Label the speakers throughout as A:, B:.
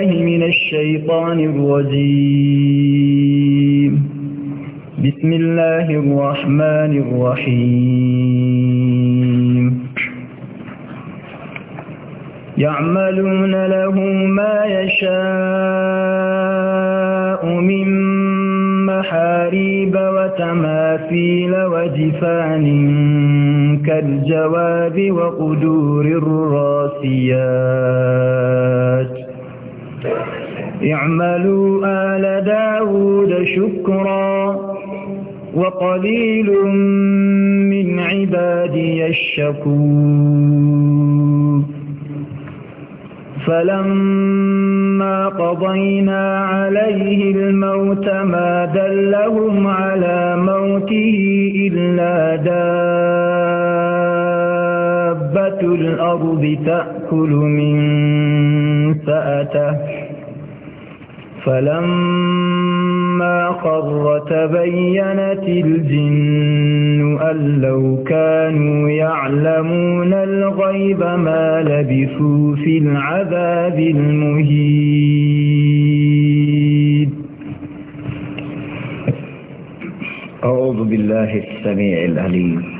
A: بالله من الشيطان الرجيم بسم الله الرحمن الرحيم يعملون له ما يشاء من محاريب وتماثيل وجفان كالجواب وقدور الراسيات اعملوا آل داود شكرا وقليل من عبادي الشكور فلما قضينا عليه الموت ما دلهم على موته إلا دار دابة الأرض تأكل من سأته فلما قر تبينت الجن أن لو كانوا يعلمون الغيب ما لبثوا في العذاب المهيد
B: أعوذ بالله السميع العليم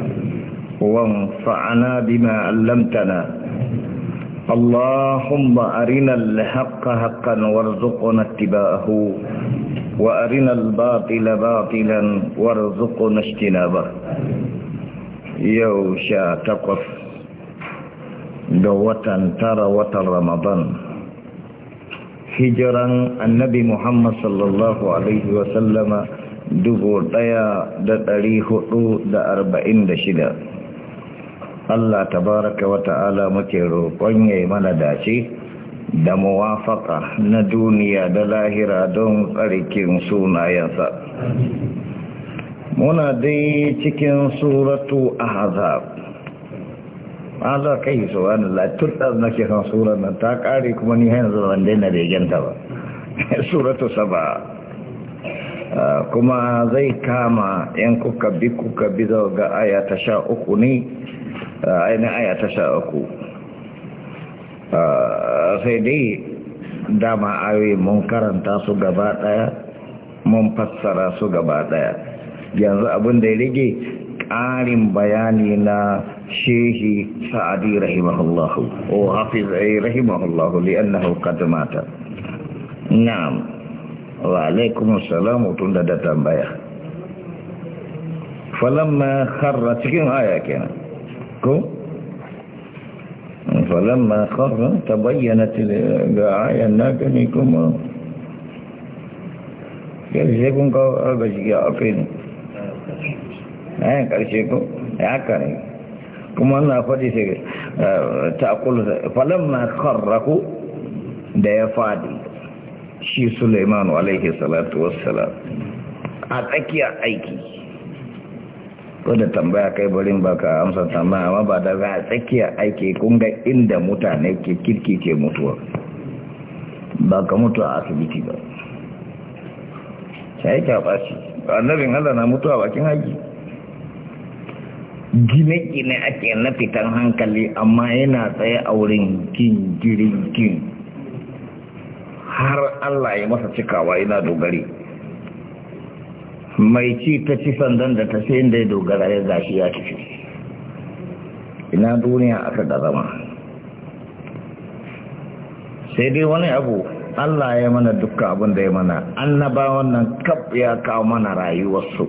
B: وانفعنا بما علمتنا اللهم أرنا الحق حقا وارزقنا اتباعه وأرنا الباطل باطلا وارزقنا اجتنابه يوشا تقف دوة ترى وتر رمضان hijiran annabi Muhammad sallallahu Alaihi wasallama dubu ɗaya da ɗari hudu da arba'in da shida. Allah ta baraka wa ta'ala muke roƙon ya yi mana dace da muwafaka na duniya da lahira don tsarkin sunayensa. Muna dai cikin suratu Ahzab. Allah kai subhanallah na ke kan suran nan ta kare kuma ni yanzu ban daina regenta ba. Suratu Saba. Ah, kuma zai kama yan kuka bi kuka bi ga aya ta sha uku ne ainihin aya ta sha uku ah, sai dai dama ayoyi mun karanta su gaba daya mun fassara su gaba daya yanzu abin da ya rage ƙarin bayani na shehi sa'adi rahimahullahu o hafiz eh, rahimahullahu li'annahu qad mata na'am wa salamu tun da tambaya falamma kharra cikin aya kenan فلما خر تبينت الدعاية الناك نيكم كالشيكم كو أبشي أقين ها كالشيكم يا كاري كما أنا فدي سيكي آه، تأقول فلما خره دي فادي شي سليمان عليه الصلاة والسلام أتكي أيكي ko da tambaya kai barin baka amsa tambaya amma ba da za a tsakiya aiki kunga inda mutane ke kirki ke mutuwa ba ka mutuwa a asibiti ba sai ka bashi annabin Allah na mutuwa bakin haji gine-gine ake na fitan hankali amma yana tsaye a wurin kin jirin kin har Allah ya masa cikawa yana dogari mai ci ta ci sandan da ta sayin inda ya dogara ya gashi ya tafi ina duniya aka da zama sai dai wani abu Allah ya mana dukkan abin da ya mana ba wannan kaf ya kawo mana rayuwarsu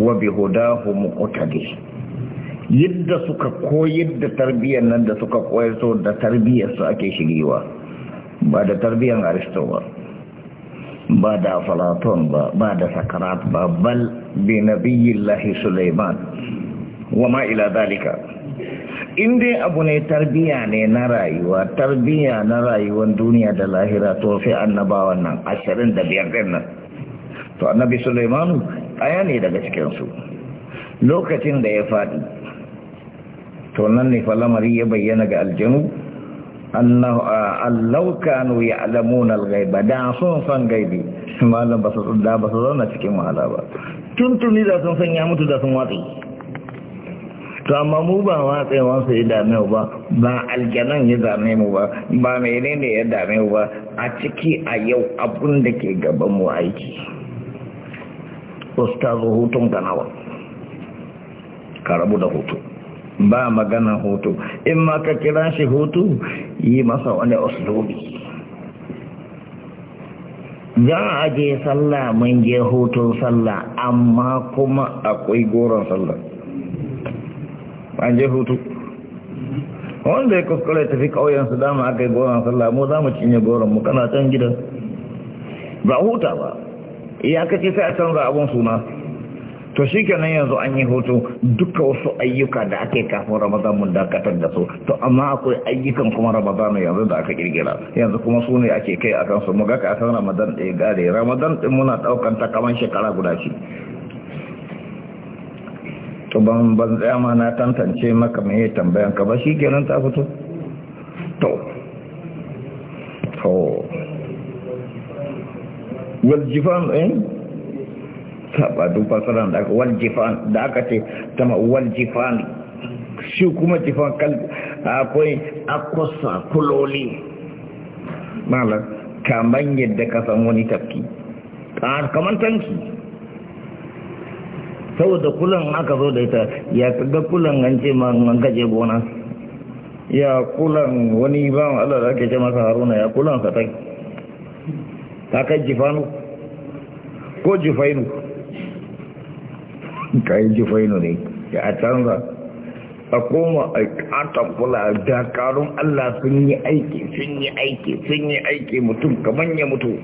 B: wa bihudahu muqtadi yadda suka koyar da tarbiyyar nan da suka koyar da tarbiyyar ake shigewa ba da tarbiyyar aristo ba ba da afalaton ba ba da sakarat ba bal bi nabiyillahi Sulaiman wa ma ila dalika in dai abu ne tarbiya ne na rayuwa tarbiya na rayuwar duniya da lahira to sai annabawan nan ashirin da biyar din nan to annabi Suleimanu, aya ne daga cikinsu lokacin da ya faɗi to nan ne fa lamari ya bayyana ga aljanu Uh, allau kanu ya alamuna ba da sun san gaibi malam ba su da ba su zauna cikin wahala ba tuntuni da sun san ya mutu da sun watsi to amma mu ba watsewansu ya dame ba ba aljanan ya dame mu ba ba menene ya dame ba a ciki a yau abun da ke gaban mu aiki ustazu hutun ganawa ka rabu da hutun. ba magana hutu in ma ka kira shi hutu yi masa wani uslubi za a je sallah mun je hutun sallah amma kuma akwai goron sallah an je hutu wanda ya kuskure tafi ƙauyensu dama aka yi goron sallah mu za mu cinye goron mu kana can gidan ba huta ba iyakaci sai a canza abin suna to shi kenan yanzu an yi hutu duka wasu ayyuka da ake kafin ramadan mun dakatar da su to amma akwai ayyukan kuma ramadan yanzu da aka kirgira yanzu kuma su ne ake kai a kansu mu ga ka san ramadan ɗaya gare ramadan ɗin muna ɗaukan ta kamar shekara guda ce to ban ban tsaya ma na tantance maka mai tambayan ka ba shi kenan ta fito to to jifan eh ba duk da aka wal jifan da aka ce ta ma wal jifan shi kuma jifan kal akwai akwasa kuloli mala kaman yadda ka san wani tafki kamar tanki saboda kulan aka zo da ita ya ga kulan an ce ma an gaje gona ya kulan wani mu Allah da ake ce masa haruna ya kulan sa ta kai jifanu ko jifainu kai faino ne ya a canza a koma a ƙata kula da dakarun Allah sun yi aiki sun yi aiki sun yi aiki mutum kamar ya mutu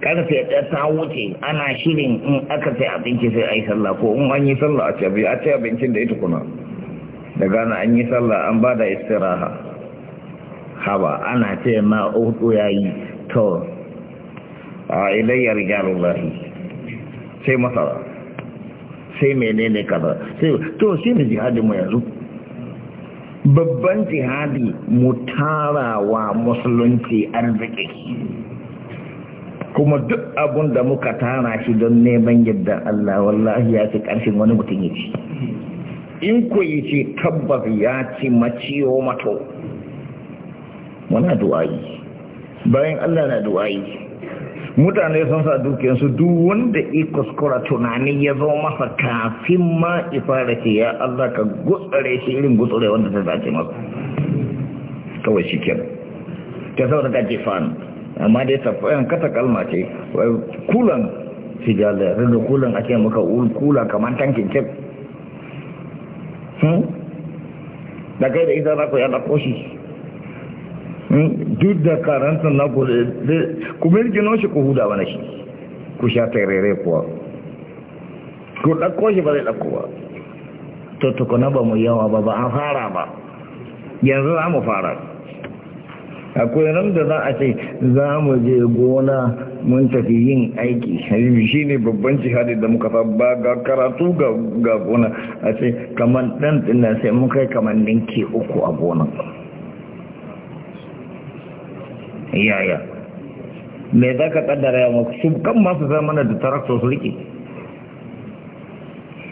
B: karfe ta ta wuce ana shirin in aka sai abinci sai a sallah ko in an yi sallah a ce abincin da ita kuna da gana an yi sallah an ba da istiraha haba ana ce ma hudu ya yi to a ilayyar gyarullahi sai masara sai menene kaza sai to shi ne jihadin mu yanzu babban jihadi mu tarawa musulunci arziki kuma duk abun da muka tara shi don neman yadda Allah wallahi ya fi ƙarfin wani mutum ya in ku yi ce tabbas ya ci maciyo mato muna du'ayi bayan Allah na du'ayi mutane sun sa dukiyarsu duk wanda ya kuskura tunani ya zo masa kafin ma ifara ce ya Allah ka gutsare shi irin gutsare wanda ta dace masa kawai shi kyan ta saboda ka ce fan amma dai tafiyan kata kalma ce kulan sigala rinda kulan ake maka kula kamar tankin kek hmm? da kai da ita za ku yada koshi hmm? duk da karanta na yake nan shi ku huda wani shi ku sha rere kuwa ku ɗakko shi ba zai ɗakko ba to na ba mu yawa ba ba an fara ba yanzu za mu fara akwai nan da za a ce za mu je gona mun tafi yin aiki shi ne babban jihadi da muka ba ga karatu ga gona a ce kamar ɗan tsinna sai mun kai kamar ninki uku a gonan yaya me za ka kaddara ya maku su kan masu zamana da tarakto su riƙe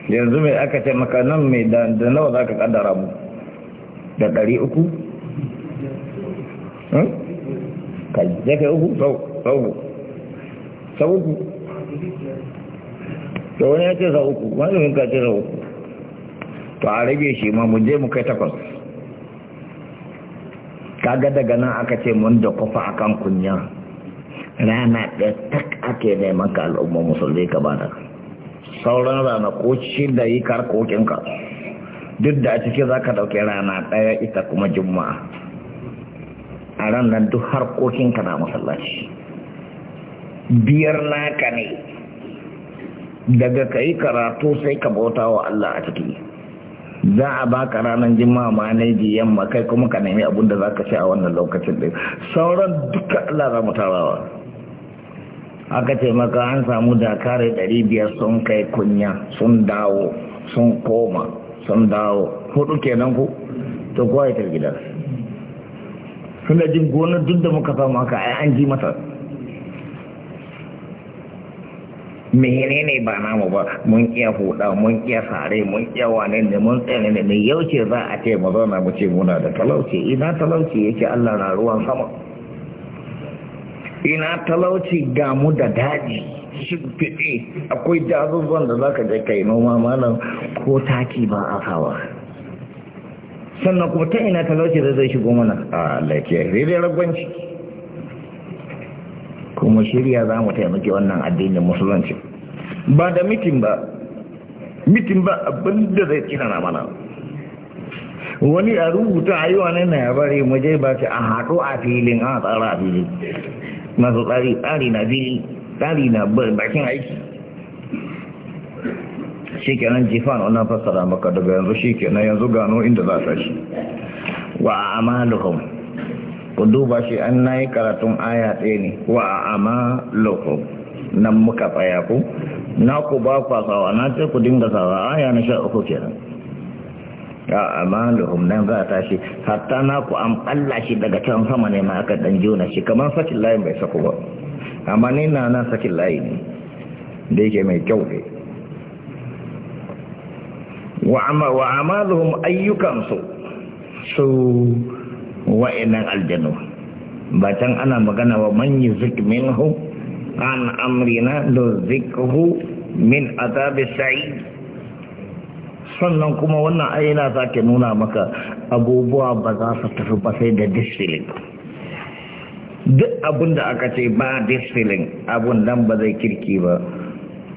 B: yanzu mai aka ce makanan nan mai da nawa za ka kaddara mu da ɗari uku? Hmm? ka jefe uku sau uku da wani ya ce sau uku wani ka ce sau uku to a rage shi ma mu je mu kai takwas kaga daga nan aka ce mun da a kan kunya rana ɗaya tak ake neman ka al'umma musulmi ka bada sauran rana ko shi da yi ka. duk da a ciki za ka ɗauki rana ɗaya ita kuma juma'a a ran nan duk ka na masallaci biyar naka ne daga ka yi karatu sai ka bauta wa Allah a ciki za a baka ranar jima'a ma na yi yamma kai kuma ka nemi abun da za ka ci a wannan lokacin ɗin sauran duka Allah za mu tarawa aka ce maka an samu dakare ɗari biyar sun kai kunya sun dawo sun koma sun dawo hudu kenan ku to kowa ya gida suna jin gona duk da muka samu aka ai an ji masa. menene ba namu ba mun iya huda mun iya sare mun iya wane ne mun tsene ne mai yau ce za a ce mu zauna mu ce muna da talauci ina talauci yake Allah na ruwan sama ina talauci ga mu da daji fiɗe akwai dazuzzon da zaka je kai noma malam ko taki ba a sawa sannan kuma ta ina talauci zai shigo mana a lake rere ragwanci kuma shirya za mu taimaki wannan addinin musulunci ba da mitin ba mitin ba abin da zai tsina na mana wani a rubuta a yi wani na yabari bari mu je ba ce a haɗu a filin a tsara a filin masu tsari tsari na fili tsari na bakin aiki shi kenan jifan wani fassara maka daga yanzu shi kenan yanzu gano inda za ta shi wa amaluhum ku duba shi an na yi karatun aya ɗaya ne wa a ama lokum nan muka tsaya ku na ku ba fasawa na ce ku dinga sawa aya na sha uku kenan ya lokum nan za a tashi hatta na ku an ɓalla shi daga can sama ne ma aka ɗan jona shi kamar sakin layi bai saku ba amma ni na nan sakin layi ne da yake mai kyau ne wa amaluhum ayyukansu su wa'inan aljanu ba can ana magana wa manyi yuzik minhu an amrina da zikhu min azabi sa'id sannan kuma wannan ayyana za ta nuna maka abubuwa ba za su tafi ba sai da disfilin duk abin da aka ce ba disfilin abin nan ba zai kirki ba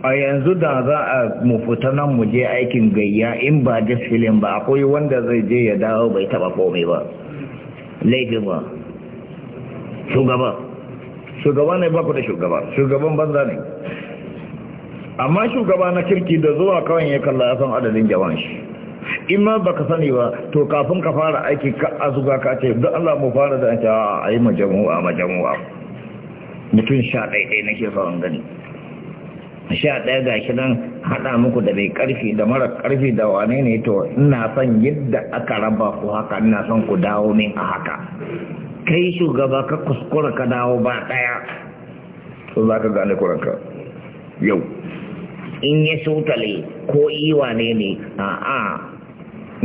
B: a yanzu da za a mu fita nan mu je aikin gayya in ba disfilin ba akwai wanda zai je ya dawo bai taba komai ba laifin wa shugaba shugaba ne ba ku da shugaba shugaban banza ne amma shugaba na kirki da zuwa kawai ya kalla ya san adadin jawan shi in ma baka sani ba to kafin ka fara aiki ka azuga ka ce don Allah mu fara da ce a yi majamu'a majamu'a mutum sha ɗaiɗai nake sauran gani sha ɗaya ga shi nan haɗa muku da mai ƙarfi da mara ƙarfi da wane ne to ina son yadda aka raba ku haka ina son ku dawo min a haka kai shugaba ka kuskura ka dawo ba ɗaya to za ka gane kuranka yau in ya sautale ko iwa ne ne a'a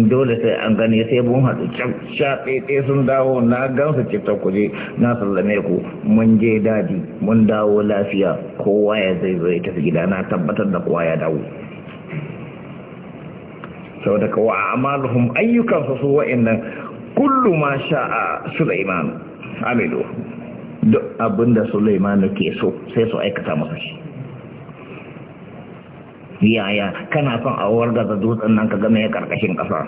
B: dole sai an gani sai mun haɗu sha sun dawo na gansu cikin kuje na sallame ku mun je daji mun dawo lafiya kowa ya zai zai tafi gida na tabbatar da kowa ya dawo sau da kawo a amaluhum ayyukan su wa'annan kullu ma a Sulaiman amilu duk abinda Sulaiman ke so sai su aikata masa shi yaya kana son a wargaza dutsen nan ka ga mai karkashin kasa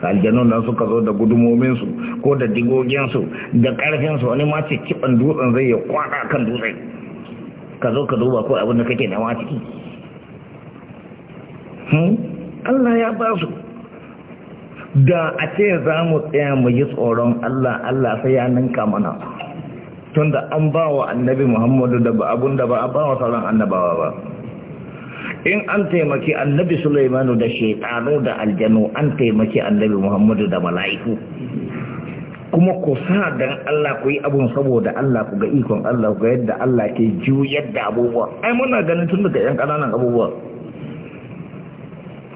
B: aljanun nan suka zo da gudumomin su ko da digogin su da karfin su wani ma cikin dutsen zai ya kwada kan dutsen ka zo ka duba ko abin da kake nawa ciki hmm? Allah ya ba su da a ce za mu tsaya mu yi tsoron Allah Allah sai ya ninka mana tunda an ba wa annabi Muhammadu da ba abun da ba a ba wa sauran annabawa ba in an taimaki annabi Sulaimanu da shekaru da aljanu an taimaki annabi Muhammadu da mala'iku kuma ku sa dan Allah ku yi abun saboda Allah ku ga ikon Allah ku ga yadda Allah ke juyar da abubuwa ai muna ganin tun daga yan kananan abubuwa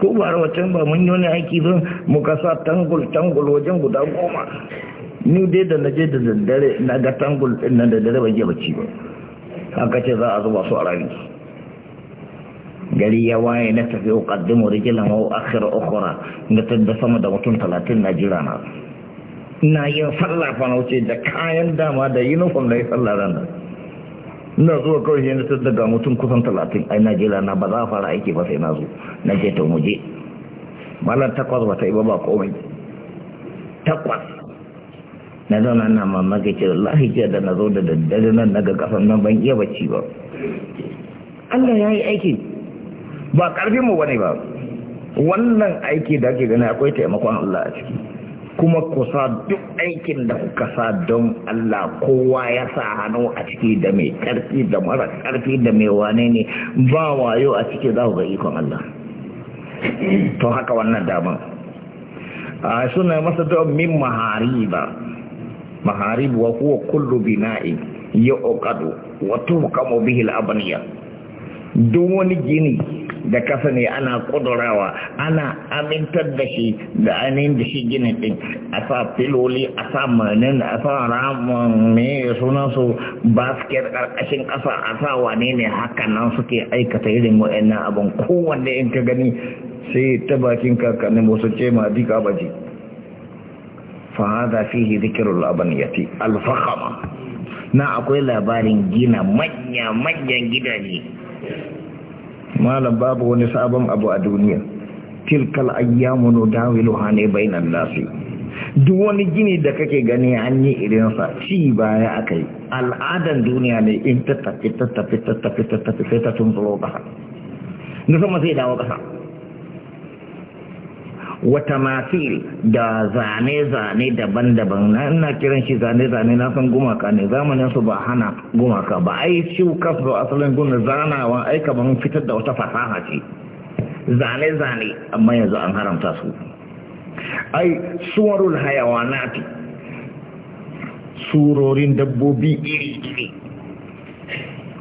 B: ko ba wacan ba mun yi wani aiki don muka sa tangul tangul wajen guda goma ni dai da naje da daddare na ga tangul din nan da dare ba je ba haka ce za a zuba su a rami gari ya waye na tafi uqaddimu rijlan wa akhiru ukhra na tadda sama da mutum talatin na jira na ina yin sallah fa na wuce da kayan dama da uniform na ya sallah ranar ina zuwa kawai shi na tadda ga mutum kusan talatin ai na jira na ba za a fara aiki ba sai na zo na je to muje. je malar takwas ba ta yi ba ba komai takwas na zauna na mamaki ce wallahi jiya da na zo da daddare nan na ga kasan nan ban iya bacci ba Allah ya yi aiki ba ƙarfin mu bane ba wannan aiki da ake gani akwai taimakon Allah a ciki kuma ku sa duk aikin da kuka sa don Allah kowa ya sa hannu a ciki da mai ƙarfi da mara ƙarfi da mai wane ne ba wayo a ciki za ku ga ikon Allah to haka wannan damar a suna masa da min mahariba maharib wa huwa kullu bina'i ya'qadu wa tuhkamu bihi al-abniya duk wani gini da kasa ne ana kudurawa ana amintar da shi da ainihin da shi gina ɗin a sa filoli a sa manin a sa ramon me sunan su basket ƙarƙashin ƙasa a sa wane ne hakan nan suke aikata irin wa'annan abin kowanne in ka gani sai ta bakin kakanni musu ce ma dika baji fa da fihi abaniyati alfahama. na akwai labarin gina manya-manyan gidaje malam babu wani sabon abu a duniya tilkal ayyamu nudawiluha hane bainan nasi duk wani gini da kake gani an yi irin sa ci baya aka yi al'adan duniya ne in ta tafi ta tafi ta tafi ta tafi ƙasa na sama sai dawo ƙasa wata mafi da zane-zane daban-daban na ina kiran shi zane-zane na san gumaka ne zamanin su ba hana gumaka ba ai shi kasu asalin guna zanawa ai kamar fitar da wata fasaha ce zane-zane amma yanzu an haramta su ai suwarul fi surorin dabbobi iri-iri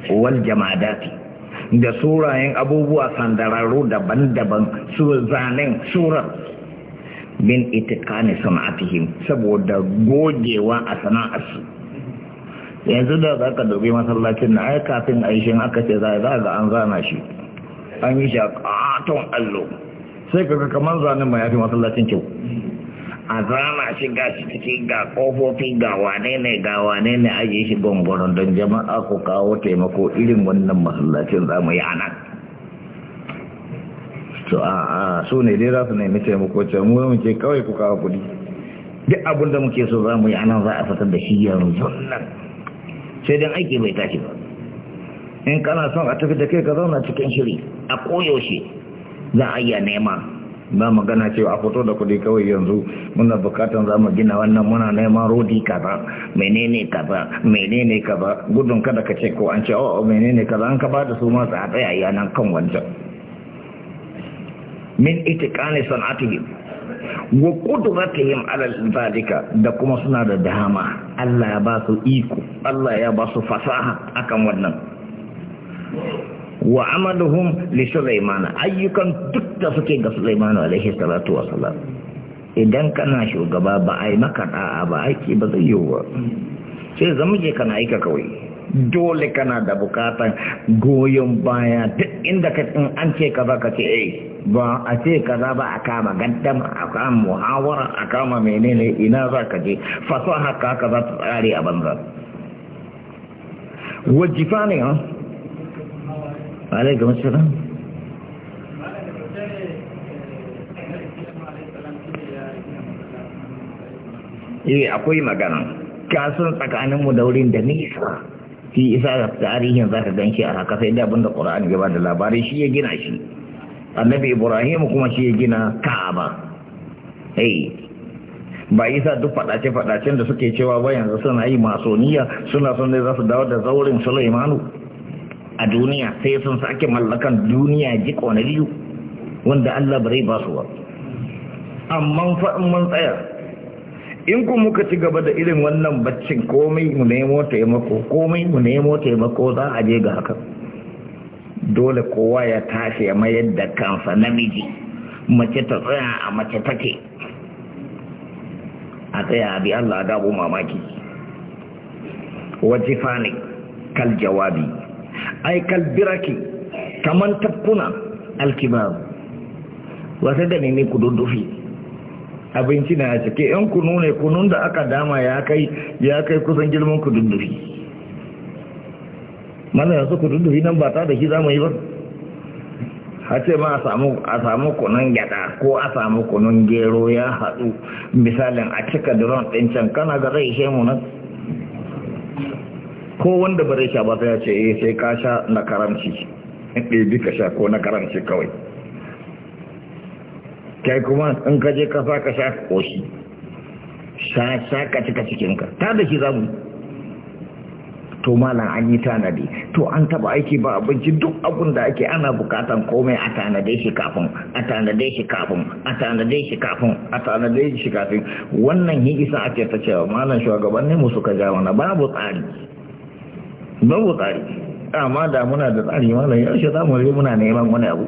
B: wal jamadati da surayen abubuwa sandararru daban-daban su zanen surar min itikani sana'atihim saboda gogewa a sana'arsu yanzu da za ka dubi masallacin na ai kafin aishin aka ce za a ga an zana shi an yi shi a ƙaton allo sai ka ga kamar zanen mai yafi masallacin kyau a zana shi ga shi ciki ga ƙofofi ga wane ne ga wane ne ajiye shi gwangwaron don jama'a ku kawo taimako irin wannan masallacin za mu yi a nan to a so ne dai za su nemi taimako ce mu mu ce kawai ku kawo kuɗi duk abin da muke so za mu yi anan za a fitar da shi yanzu nan sai dan aiki bai tashi ba in kana son a tafi da kai ka zauna cikin shiri a koyaushe za a iya nema za mu gana cewa a fito da kuɗi kawai yanzu muna bukatan za mu gina wannan muna neman rodi kaza menene kaza menene kaza gudun kada ka ce ko an ce o oh, menene kaza an ka ba da su ma a tsaya nan kan wancan min itikani san'atihim wa qudratihim ala zalika da kuma suna da dama Allah ya ba su iko Allah ya ba su fasaha akan wannan wa amaluhum li Sulaiman ayyukan duk da suke ga Sulaiman alaihi salatu wassalam idan kana shugaba ba ai maka da'a ba aiki ba zai yi wa. sai je kana aika kawai dole kana da bukatan goyon baya duk inda ka in an ce ka ba ka ce eh ba a ce kaza ba a kama gaddam a kama muhawara a kama menene ina za ka je faso haka ka za ta tsare a banza wajifa ne ha alaikum salam eh akwai magana kasan tsakaninmu da wurin da nisa fi isa da tarihin za ka gan shi a haka sai da abinda da ƙura'an gaba da labarin shi ya gina shi annabi ibrahim kuma shi ya gina ka'aba hey ba yasa duk fadace fadacen da suke cewa ba yanzu suna yi masoniya suna son ne za su dawo da zaurin sulaimanu a duniya sai sun sake mallakan duniya ji na biyu wanda allah bai ba su ba amma fa in mun tsaya in ku muka ci gaba da irin wannan baccin komai mu nemo taimako komai mu nemo taimako za a je ga hakan dole kowa ya tashi ya mayar da kansa namiji mace ta tsaya a mace take a tsaya bi Allah gabo mamaki waje ne kal jawabi ai kal biraki kaman tafkuna alkibar wata da ne ku dudufi abinci na a cike yan kunu ne kunun da aka dama ya kai ya kai kusan girman ku dudufi mana yanzu ku dudduhi nan ba ta da shi za mu yi ba a ce ma a samu kunun gyada ko a samu kunun gero ya haɗu misalin a cika duron ɗin can kana ga zai ishe mu nan ko wanda ba zai sha ba sai ya ce eh sai ka sha na karamci bi ka sha ko na karamci kawai kai kuma in ka je ka fa ka sha koshi shi sha ka cika cikinka ta da shi za mu yi to malam an yi tanadi to an taba aiki ba abinci duk abin da ake ana bukatan komai a tanade shi kafin a tanade shi kafin a tanade shi kafin a tanade shi kafin wannan hi isa ake ta cewa malam shugabannin mu suka ja mana babu tsari babu tsari amma da muna da tsari malam shi za mu muna neman wani abu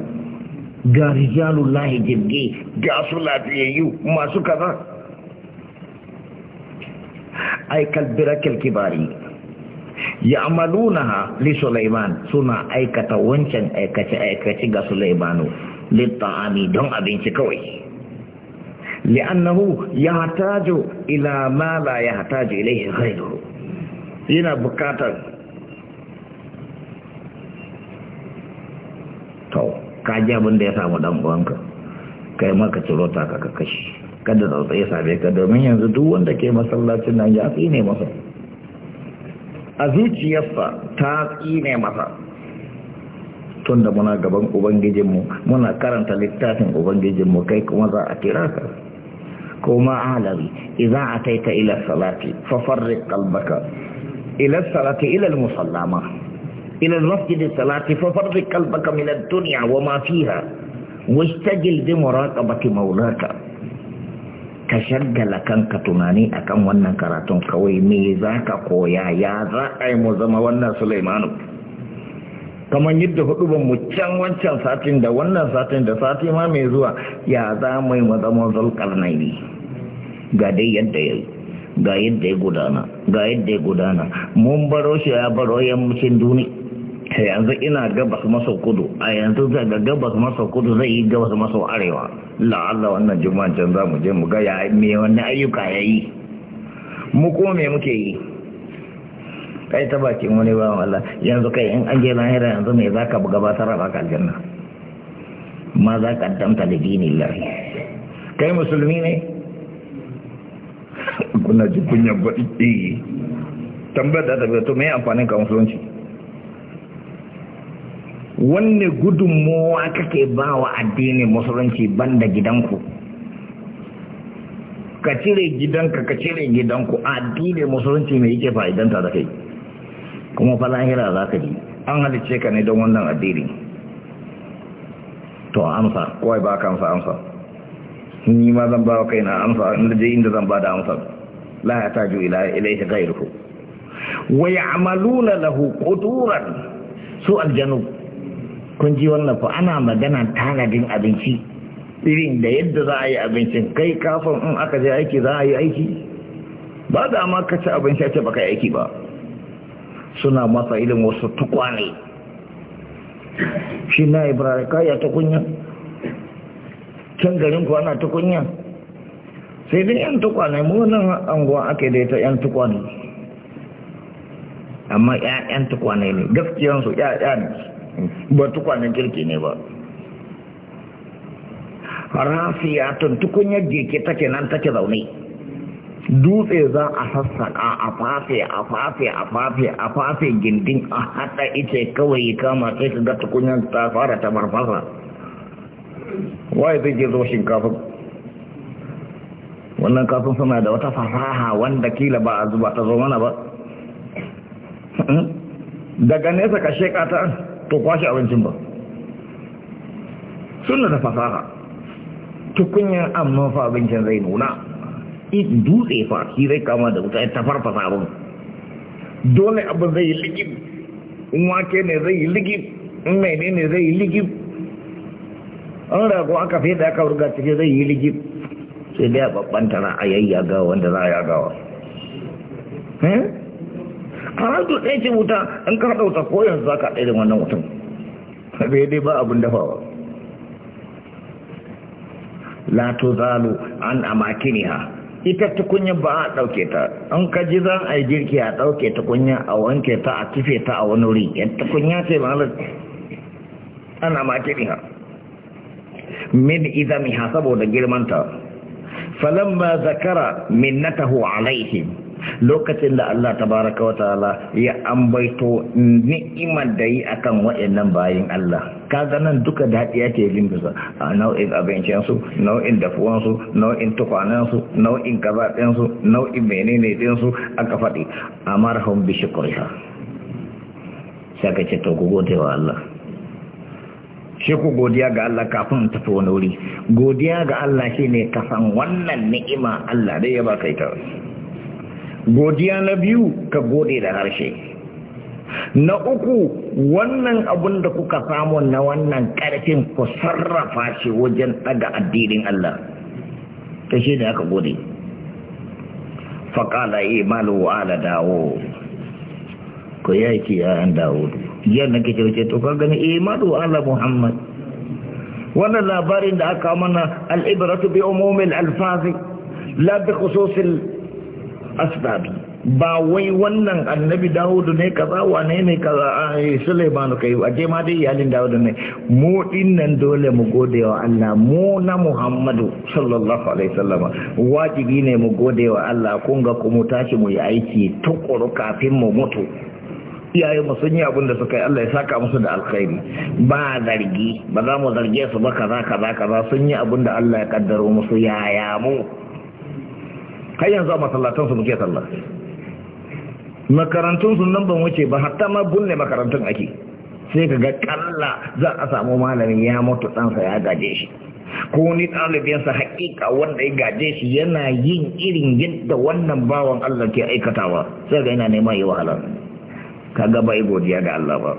B: ga rijalullahi jirgi ga su lafiyayyu masu kaza aikal birakil kibari ya'malunaha li Sulaiman suna aikata wancan aikace aikace ga Sulaimanu litta'ami don abinci kawai li'annahu yahtaju ila ma la yahtaju ilayhi ghayruhu yana bukatar to ka ji abin da ya samu dan uwanka kai ka ciro ta ka kashi kada da tsaye same ka domin yanzu duk wanda ke masallacin nan ya fi ne masa a zuciyarsa ta tsine masa tun da muna gaban ubangijinmu muna karanta littafin ubangijinmu kai kuma za a kira ka kuma ahalari idan a taita ila salati fafarri kalbaka ila salati ila musallama ila masjid salati fafarri kalbaka duniya, ad-dunya wa ta fiha wastagil bi muraqabati maulaka ka shaggala kanka tunani akan wannan karatun kawai me za ka koya ya za a yi mu zama wannan Sulaimanu kamar yadda hudu ba mu can wancan satin da wannan satin da sati ma mai zuwa ya za mu yi mu zama yi ga dai yadda ya ga yadda ya gudana ga yadda ya gudana mun baro shi ya baro yammacin duniya Eh, yanzu ina gabas maso kudu a yanzu daga gabas maso kudu zai yi gabas maso arewa la'alla wannan juma'an can za mu je mu ga ya me wani ayyuka ya yi mu ko me muke yi kai ta bakin wani ba Allah yanzu kai in an je lahira yanzu me za ka gabatar a ka aljanna ma za ka damta da dini lahi kai musulmi ne kuna ji kunya baɗi eh. tambayar da ta bai to me amfanin ka musulunci wanne gudunmowa kake ba wa addini musulunci banda gidanku ka cire gidanka ka cire gidanku addini musulunci mai yake fa'idanta da kai kuma falahira za ka ji an halice ka ne don wannan addini to amsa kawai ba ka amsa amsa ni ma zan ba wa na amsa inda je inda zan ba da amsa la ya ju ila ilaihi ghairuhu wa ya'maluna lahu quturan su aljanu kun ji wannan fa ana magana tanadin abinci irin da yadda za a yi abincin kai kafin in aka je aiki za a yi aiki ba da ma ka ci abinci ce baka yi aiki ba suna masa ilin wasu tukwane shi na ibrahim kaya tukunya can garin ku ana tukunya sai dai yan tukwane mu nan anguwa ake da ita yan tukwane amma yan tukwane ne gaskiyansu ya ne ba tukwanin kirki ne ba rafiyatun tukunyar jeke take nan take zaune dutse za a sassaƙa a fafe a fafe a fafe a fafe gindin a haɗa ice kawai kama sai ka ga tukunyar ta fara ta marfasa waye zai je zo shinkafin wannan kafin suna da wata fasaha wanda kila ba a zuba ta zo mana ba hmm? daga nesa ka sheka ta to kwashe abincin ba suna da fasaha tukunya amma fa abincin zai nuna dutse fa shi zai kama da wuta ta farfa sabon dole abu zai yi ligib in wake ne zai yi ligib in mene ne zai yi ligib an rago aka fi da aka wurga cikin zai yi ligib sai dai a babban tara a yayyaga wanda za a yagawa karatu ɗaya ce wuta in ka wuta ko yanzu za ka ɗaya wannan wutan. bai dai ba abin dafawa la Zalu an ha ita tukunya ba a ɗauke ta an ka ji zan a yi girki a ɗauke tukunya a wanke ta a tufe ta a wani wuri yadda tukunya ce ba an ha min izamiha saboda girmanta falamma zakara minnatahu alaihim lokacin da Allah ta baraka wa ta'ala ya ambaito ni'imar da yi akan waɗannan bayin Allah kaga nan duka daɗiya ke limbisa a nau'in abincinsu nau'in dafuwansu nau'in tukwanansu nau'in kazaɗinsu nau'in menene ɗinsu aka faɗi a marhum bi shukuriha sai ka ce to wa Allah shi ku godiya ga Allah kafin tafi wani wuri godiya ga Allah shine ka san wannan ni'ima Allah dai ya baka ita godiya na biyu ka gode da harshe na uku wannan abun da kuka samu na wannan karfin ku sarrafa shi wajen daga addinin Allah ta shi ne aka gode faƙala imalu wa ala dawo ku yaki yayan dawo yadda ke ce to ka gani imalu ala muhammad wannan labarin da aka mana al'ibratu bi umumil alfazi la bi khususil asbabi ba wai wannan annabi dawudu ne kaza wane ne kaza eh, suleimanu kai aje ma dai iyalin dawudu ne mu dinnan dole mu gode wa Allah mu na muhammadu sallallahu alaihi sallama wajibi ne mu gode wa Allah kun ga kuma tashi mu yi aiki tukuru kafin mu mutu iyaye mu sun yi abin da suka yi Allah ya saka musu da alkhairi ba zargi ba za mu zarge su ba kaza kaza kaza sun yi abin da Allah ya kaddaro musu yaya mu kai yanzu a masallatansu muke sallah makarantunsu nan ban wuce ba hatta ma bunne makarantun ake sai kaga ga kalla za a samu malami ya mutu ɗansa ya gaje shi ko ni ɗalibinsa haƙiƙa wanda ya gaje shi yana yin irin yadda wannan bawan Allah ke aikatawa sai ga yana neman yi wahala ka ga bai godiya ga Allah ba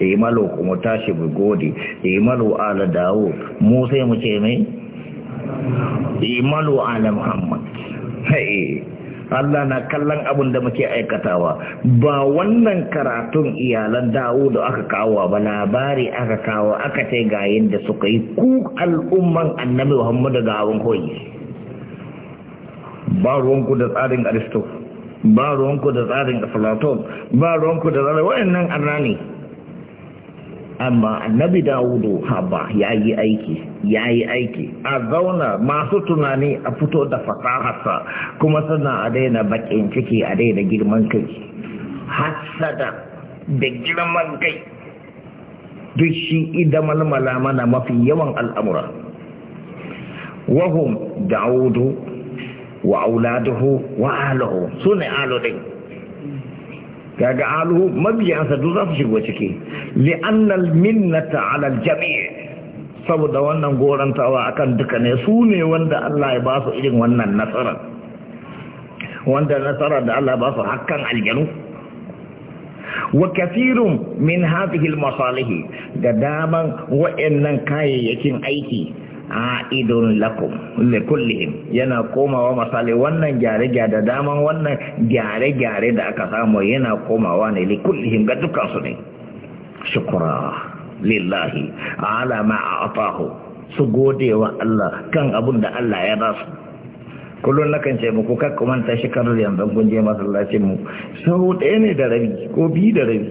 B: imalo eh, kuma tashi mu gode imalo eh, ala dawo mu sai mu ce mai imalu ala muhammad Allah na kallon abin da muke aikatawa ba wannan karatun iyalan dawo da aka kawo ba labari aka kawo aka ce ga yadda suka yi ku al'umman annabi muhammadu ga abin koyi ba ruwanku da tsarin aristo ba ruwanku da tsarin aflaton ba ruwanku da tsarin wa'annan annani amma annabi dawudu haba ya yi aiki ya yi aiki a zauna masu tunani a fito da fasaharsa kuma suna a daina bakin ciki a daina girman kai hasada da girman kai duk shi ida malmala mana mafi yawan al'amura wahum da'udu wa auladuhu wa alahu su ne aludin kaga aluhu mabiyansa duk za su shigo ciki li'annal minnata alal jami'i saboda wannan gorantawa akan duka ne su ne wanda Allah ya ba su irin wannan nasarar wanda nasarar da Allah ba su hakan aljanu wa kathirun min hadhihi masalihi da daman wa'annan kayayyakin aiki a'idun lakum li kullihim yana komawa masali wannan gyare-gyare da daman wannan gyare-gyare da aka samu yana komawa ne li kullihim ga dukkan su ne shukura lillahi ala ma a afahu su gode wa Allah kan abun da Allah ya ba su kullum na kan ce muku shi manta shekarar yanzu kun je masallacin mu sau ɗaya ne da rabi ko biyu da rabi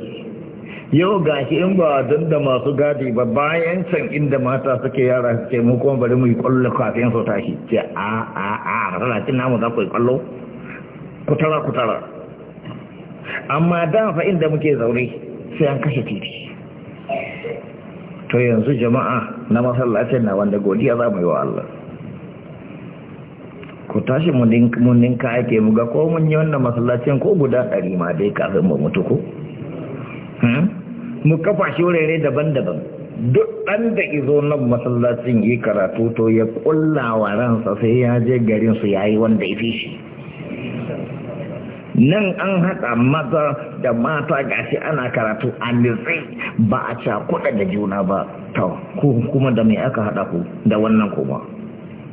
B: yau gashi in ba don da masu gadi ba bayan can inda mata suke yara suke mu kuma bari mu yi kwallo kafin su tashi ce a a a masallacin namu za ku yi kwallo kutara kutara amma da fa inda muke zaure sai an kashe titi to yanzu jama'a na masallacin na wanda godiya za mu yi wa Allah ku tashi mu ninka ake mu ga ko mun yi wannan masallacin ko guda ɗari ma dai kafin mu mutu ko hmm? mu kafa shi wurare daban-daban duk ɗan da izo nan masallacin yi karatu to ya ƙulla wa ransa sai ya je garin su yayi wanda ya fi shi nan an haɗa maza da mata gashi ana karatu a nitsi ba a cakuɗa da juna ba ta kuma da mai aka haɗa ku da wannan kuma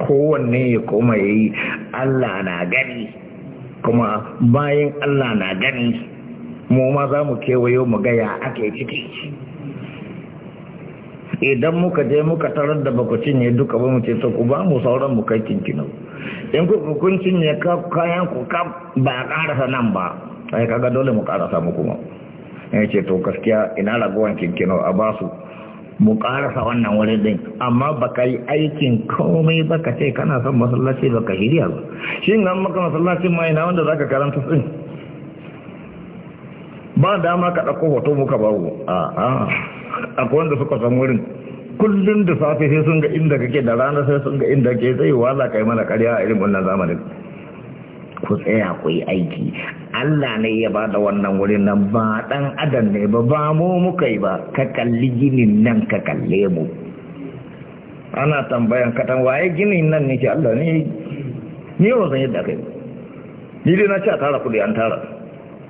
B: kowanne ya koma ya yi allah na gani kuma bayan allah na gani mu ma za mu kewayo mu gaya ake ciki idan muka je muka tarar da bakwacin ya duka ba mu ce to ku ba mu sauran mu kai kinkinau in ku hukuncin ka kayan ku kaf ba a karasa nan ba sai kaga dole mu karasa muku ma ya ce to gaskiya ina ragowar kinkino a basu mu karasa wannan wuri din amma ba ka yi aikin komai ba ka ce kana son masallaci ba ka hiriya ba shi nan maka masallaci ma ina wanda za ka karanta sun ba dama ka ɗauko hoto muka babu a a akwai wanda suka san wurin kullum da safe sai sun ga inda kake da rana sai sun ga inda ke zai wala kai mana ƙarya a irin wannan zamanin ku tsaya ku yi aiki Allah ne ya ba da wannan wurin nan ba dan adam ne ba ba mu muka yi ba ka kalli ginin nan ka kalle mu ana tambayan katan waye ginin nan ne ke Allah ne ni yau zan yadda kai ni dai na ci a tara kudi an tara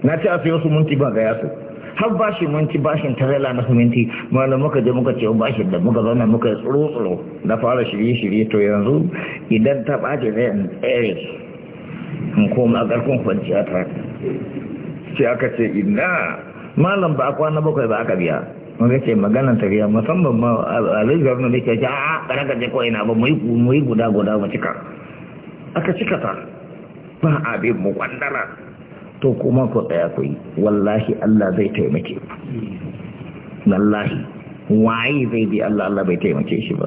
B: na ci a fiye su munti ba ga yasu har bashin wanci bashin tarela na siminti malam muka je muka ce bashin da muka zauna muka tsoro tsoro na fara shirye shirye to yanzu idan ta ɓace zai in tsere in koma ƙarfin kwanciya ta sai aka ce ina malam ba a kwana bakwai ba aka biya wanda ce maganan tafiya musamman ma a rigar na da ke ce a ƙaraka je kawai na ba mu yi guda guda mu cika aka cika ta ba abin mu kwandara to kuma ku tsaya ku yi wallahi Allah zai taimake wallahi waye zai bi Allah Allah bai taimake shi ba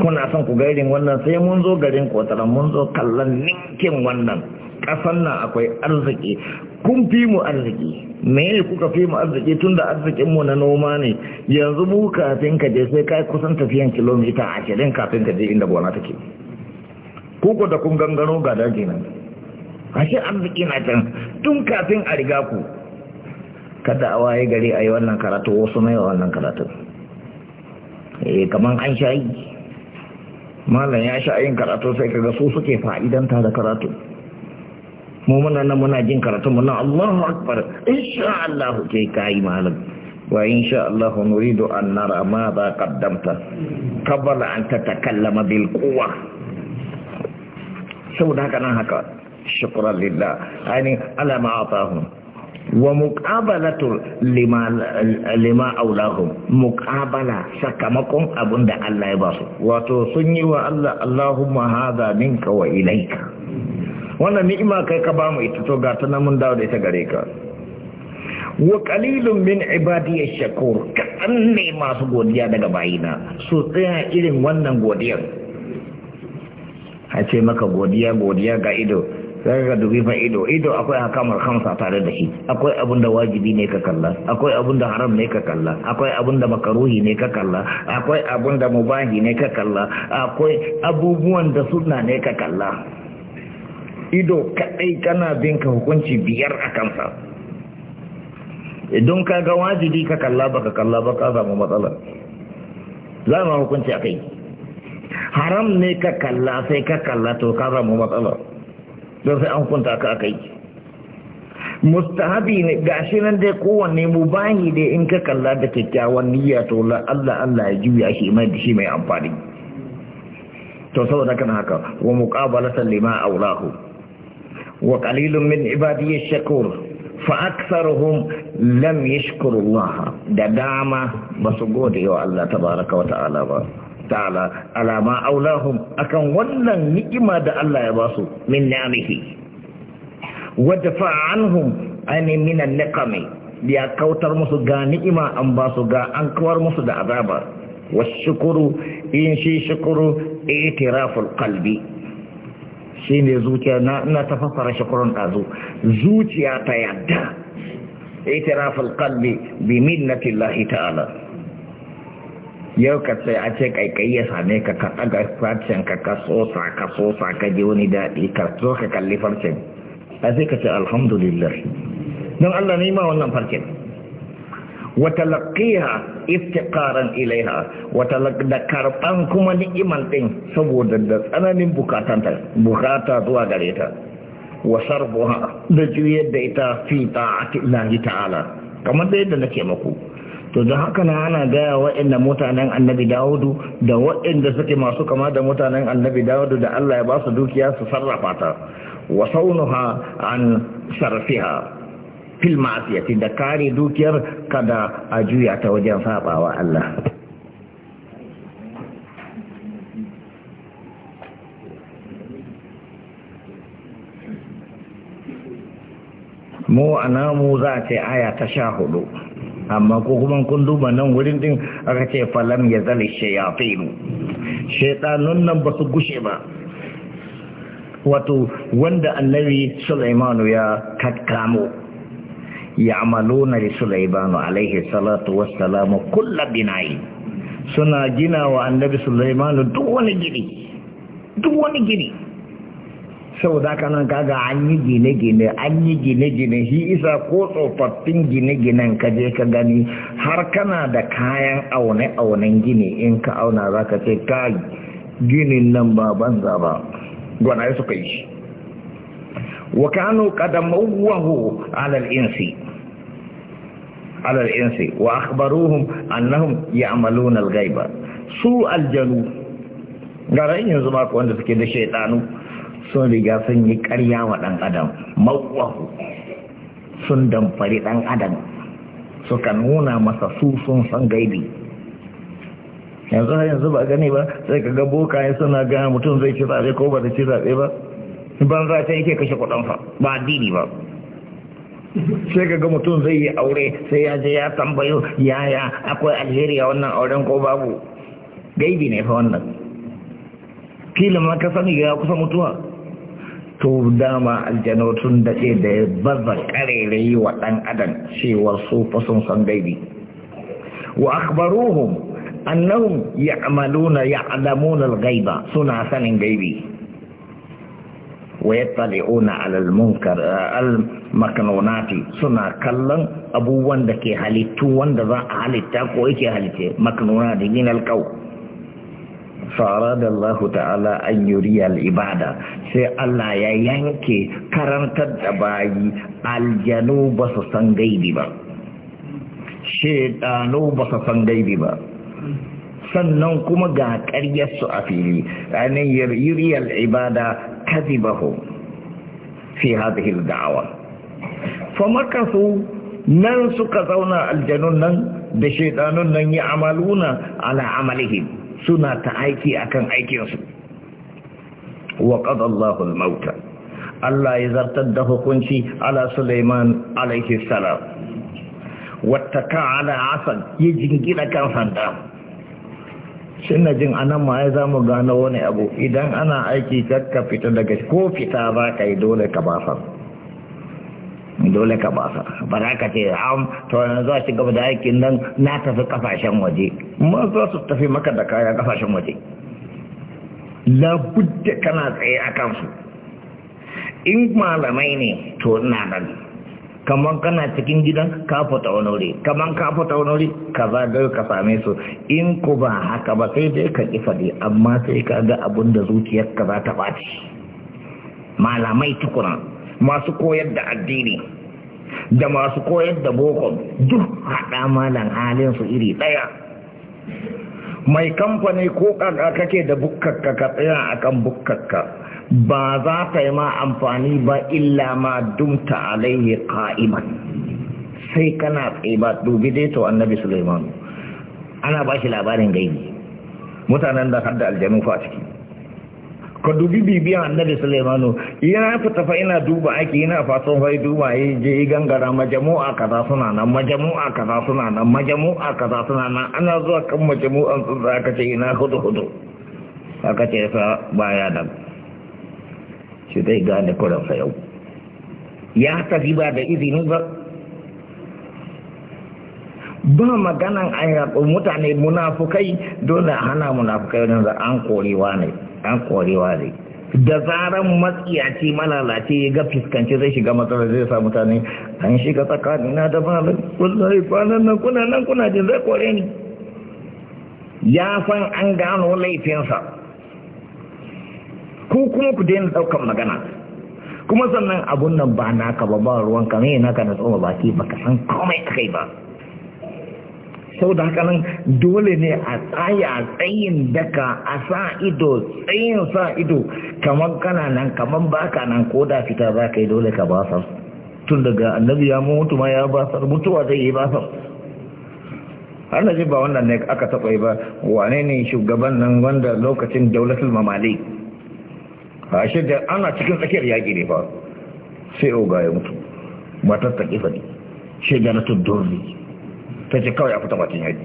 B: kuna son ku gairin wannan sai mun zo garin kotara mun zo kallon ninkin wannan kasan nan akwai arziki kun fi mu arziki me ne kuka fi mu arziki tun da arzikin mu na noma ne yanzu mu kafin ka je sai kai kusan tafiyan kilomita ashirin kafin ka je inda gona take kuku da kun gangano ga daji nan ashe arziki na can tun kafin a riga ku kada a waye gari a yi wannan karatu wasu mai wannan karatu eh kaman an sha yi malam ya sha yin karatu sai kaga su suke fa'idanta da karatu mu muna nan muna jin karatu muna Allahu akbar insha Allah kai kai malam wa insha Allah nuridu an nara ma ba qaddamta qabla an tatakallama bil quwwa saboda haka nan haka shukran lillah ainihin alama wa muqabalatu lima lima aulahum muqabala sakamakon da Allah ya ba su wato sun yi wa Allah Allahumma hadha minka wa ilayka wannan ni'ima kai ka ba mu ita to ga ta mun dawo da ita gare ka wa qalilun min ibadiy shakur kadan ne masu godiya daga bayina so tsaya irin wannan godiyar a ce maka godiya godiya ga ido sai ka dubi fa ido ido akwai hakamar kamsa tare da shi akwai abin da wajibi ne ka kalla akwai abin da haram ne ka kalla akwai abin da makaruhi ne ka kalla akwai abin da mubahi ne ka kalla akwai abubuwan da sunna ne ka kalla ido kadai kana bin ka hukunci biyar a kansa idan ka ga wajibi ka kalla baka kalla ba ka samu matsala za mu hukunci a kai haram ne ka kalla sai ka kalla to ka samu matsala don sai an kunta ka aka yi mustahabi ne gashi nan dai kowanne mu bani dai in ka kalla da kyakkyawan niyya to Allah Allah ya juya shi mai da shi mai amfani to saboda kana haka wa muqabalatan lima aulahu wa qalilun min ibadi ash-shakur fa aktharuhum lam yashkuru da dama basu gode wa Allah tabaraka wa ta'ala ba ta'ala alama aulahum akan wannan ni'ima da Allah ya basu min ni'amihi wa dafa'a anhum ani min an ya kautar musu ga ni'ima an basu ga an kawar musu da azaba shukuru in shi shukuru i'tiraful qalbi shine zuciya na ina ta fassara shukurun dazu zuciya ta yadda i'tiraful qalbi bi minnatillahi ta'ala yau ka sai a ce kaikai ya same ka ka tsaga farcen ka ka sosa ka sosa ka ji wani daɗi ka zo ka kalli farcen a sai ka ce alhamdulillah don Allah ne ma wannan farcen watalaqqiha iftiqaran ilaiha da karban kuma ni'iman ɗin saboda da tsananin ta bukata zuwa gare ta wa da juyar da ita fi ta'ati Allah ta'ala kamar da yadda nake maku to don haka na ana gaya waɗanda mutanen annabi dawudu da waɗanda suke masu kama da mutanen annabi dawudu da Allah ya ba su dukiya su sarrafa ta wa saunuha an sarfiha fil ma'asiyati da kare dukiyar kada a juya ta wajen sabawa Allah mu a namu za a ce aya ta sha hudu amma ko kuma kun duba nan wurin din aka ce falam ya zale shayafinu shaitanun nan ba su gushe ba wato wanda annabi sulaimanu ya kakkamo ya amalo na sulaimanu alaihi salatu salamu kulla binayi suna gina wa annabi sulaimanu duk wani gini duk wani gini saboda haka nan kaga an yi gine-gine an yi gine-gine shi isa ko tsofaffin gine-ginen ka je ka gani har kana da kayan aune-aunen gini in ka auna za ka ce ka ginin nan ba banza ba ya suka yi shi wa kano qadamawahu ala insi ala insi wa akhbaruhum annahum ya'maluna su aljanu ga yanzu ba wanda suke da shaytanu sun riga sun yi karya wa ɗan adam mawahu sun damfari ɗan adam suka nuna masa su sun san gaibi yanzu har yanzu ba gani ba sai ka ga bokaye suna gana mutum zai ci zaɓe ko ba da ci zaɓe ba ban za ta yake kashe kuɗinsa ba addini ba sai ka ga mutum zai yi aure sai ya je ya tambayo yaya akwai Algeria wannan auren ko babu gaibi ne fa wannan kila ma ka sani ya kusa mutuwa to dama aljanu tun daɗe da ya baza yi wa ɗan adam cewa su fa sun san gaibi wa akhbaruhum annahum ya'maluna ya'lamuna al-ghaiba suna sanin gaibi wa yattali'una 'ala al-munkar al-maknunati suna kallon abubuwan da ke halittu wanda za a halitta ko yake halitte maknunati min al-qawl faradar Allah ta'ala an yi riyal ibada sai Allah ya yanke karantar da bayi aljanu ba su san gaibi ba shaidanu ba su san gaibi ba sannan kuma ga karyarsu a fili ranar yi riyal ibada kazi ba ku fi hadhil da'awa famakasu nan suka zauna aljanun nan da shaidanun nan yi amaluna ala amalihim suna ta aiki akan aikinsu wa qad Allahu al-mauta Allah ya zartar da hukunci ala Sulaiman alaihi salam wattaka ala asan ya jingina kan sanda shina jin anan ma ya zamu gano wani abu idan ana aiki kakka fita daga ko fita za ka yi dole ka ba dole ka ba sa ba za ce am to yanzu a ci gaba da aikin nan na tafi kafashen waje maza su tafi maka da kaya kasashen waje labudda kana tsaye a kansu in malamai ne to na nan kaman kana cikin gidan ka fita wani wuri kaman ka wani wuri ka zagar ka same su in ku ba haka ba sai dai ka ƙi faɗi, amma sai ka ga abin da ka za ta ɓaci malamai tukuna masu koyar da addini da masu koyar da boko duk haɗa malam halin su iri ɗaya mai kamfani ko kaka kake da bukkakka ka tsaya a kan bukkakka ba za ta yi ma amfani ba illa ma dumta alaihi ka'iman, sai kana tsaye ba dubi dai to annabi Sulaiman ana ba shi labarin gaibi mutanen da hadda aljanu fa ciki ka dubi bibiyan annabi sulaimanu yana fita tafa ina duba aiki yana fatan fa duba yi je gangara majamu'a kaza suna nan majamu'a kaza suna nan majamu'a kaza suna nan ana zuwa kan majamu'an sun za ka ce ina hudu hudu aka ce sa baya nan shi dai gane kuransa yau ya tafi ba da izini ba ba maganan ayyaɓo mutane munafukai dole a hana munafukai wajen za an korewa ne an korewa ne da zaran matsiyaci malalace ya ga fuskanci zai shiga matsala zai sa mutane an shiga tsakanin na da malam wallahi kwanan nan kuna nan kuna jin zai kore ni ya san an gano laifinsa ko kuma ku daina daukan magana kuma sannan abun nan ba naka ba ba ruwanka ne naka na tsoma baki baka san komai akai ba sau da haka nan dole ne a tsaya tsayin daka a sa ido tsayin sa ido kamar kana nan kamar baka nan ko da fita za ka yi dole ka ba basar tun daga annabi ya mutu ma ya basar mutuwa zai yi basar har na ba wannan ne aka taɓa yi ba wane ne shugaban nan wanda lokacin daulatul mamali a shi da ana cikin tsakiyar yaƙi ne fa sai oga ya mutu matar ta ƙifa ne shi da na tudurri ta ce kawai a fita bakin yaji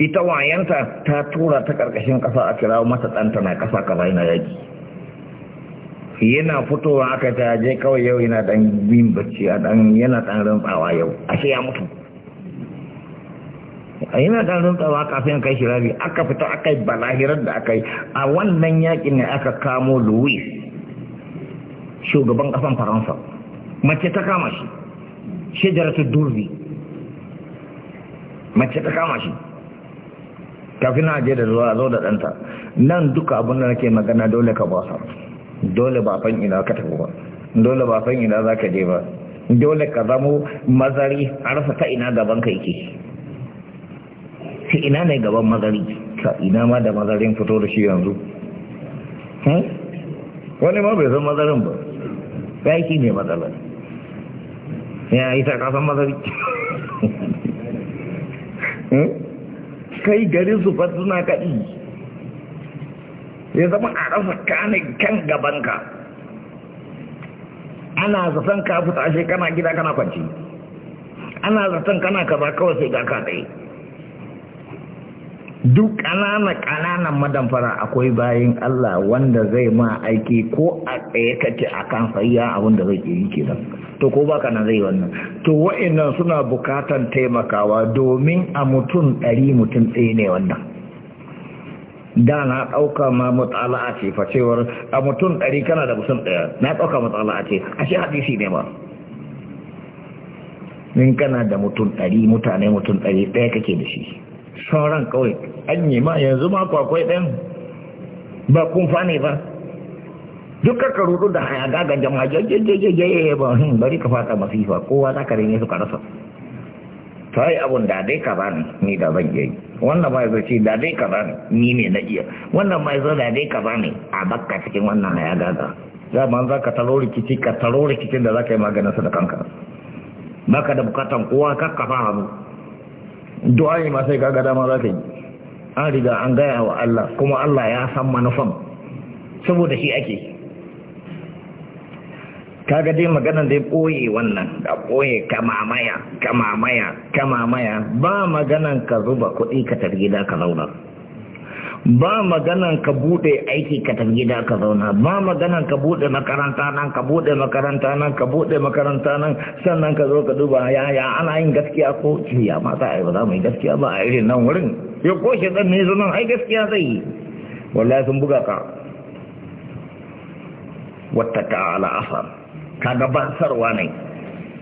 B: ita wayanta ta tura ta karkashin kasa a kira mata ɗanta na kasa kaza yana yaji yana fitowa aka ta je kawai yau yana dan bin bacci a dan yana dan rantsawa yau ashe ya mutu A yana ɗan rantsawa kafin kai shi aka fita aka yi balahirar da aka yi a wannan yakin ne aka kamo louis shugaban ƙasan faransa mace ta kama shi shejaratul durri mace ta kama shi kafin na je da zuwa zo da ɗanta nan duka abin da nake magana dole ka basa dole ba fan ina ka tafi ba dole ba fan ina za ka je ba dole ka zamo mazari a rasa ta ina gaban ka yake shi ina ne gaban mazari ka ina ma da mazarin fito da shi yanzu hmm? wani ma bai san mazarin ba ya yi ne matsalar ya yi ta kasan mazari Hmm? kai gari su fa suna kaɗi ya zama a rasa kanin kan gabanka ana zaton ka fita ashe kana gida kana kwanci ana zaton kana kaza kawai sai ga ka ɗaya duk ƙanana ƙananan madamfara akwai bayin Allah wanda zai ma aiki ko a tsaye kake a kan sayya abin da zai yi kenan to ko baka na zai wannan to wa'annan suna bukatan taimakawa domin a mutum ɗari mutum tsaye ne wannan da na ɗauka ma a ce facewar a mutum ɗari kana da mutum ɗaya na ɗauka a ce a shi hadisi ne ba in kana da mutum ɗari mutane mutum ɗari ɗaya kake da shi sauran kawai an yi ma yanzu ma kwakwai ɗin ba kun fani ba duka ka rudu da haya gaga jama'a jajajajajaye ba hin hmm, bari ka fata masifa kowa za ka rene su ka rasa ta yi abun da dai ka bani ni da ban yi wannan ma yazo ce da dai ka bani ni ne na iya wannan ma yazo da dai ka bani a bakka cikin wannan haya gaga zaman za ka taro rikici ka taro rikicin da za ka yi maganin su da kanka baka da bukatan kowa kakka fahamu du'a'i ma sai kaga dama za ka yi an riga an gaya wa Allah kuma Allah ya san manufan saboda shi ake kaga dai maganan dai ɓoye wannan da ɓoye kamamaya kamamaya kamamaya ba maganan ka zuba kuɗi ka targida ka zauna ba maganan ka bude aiki ka tafi gida ka zauna ba maganan ka bude makaranta nan ka bude makaranta nan ka bude makaranta nan sannan ka zo ka duba ya ya ana yin gaskiya ko ya ma za a yi ba za mu yi gaskiya ba a irin nan wurin ya koshe dan ne zo nan ai gaskiya zai yi wallahi sun buga ka wata ta'ala asar ga basarwa ne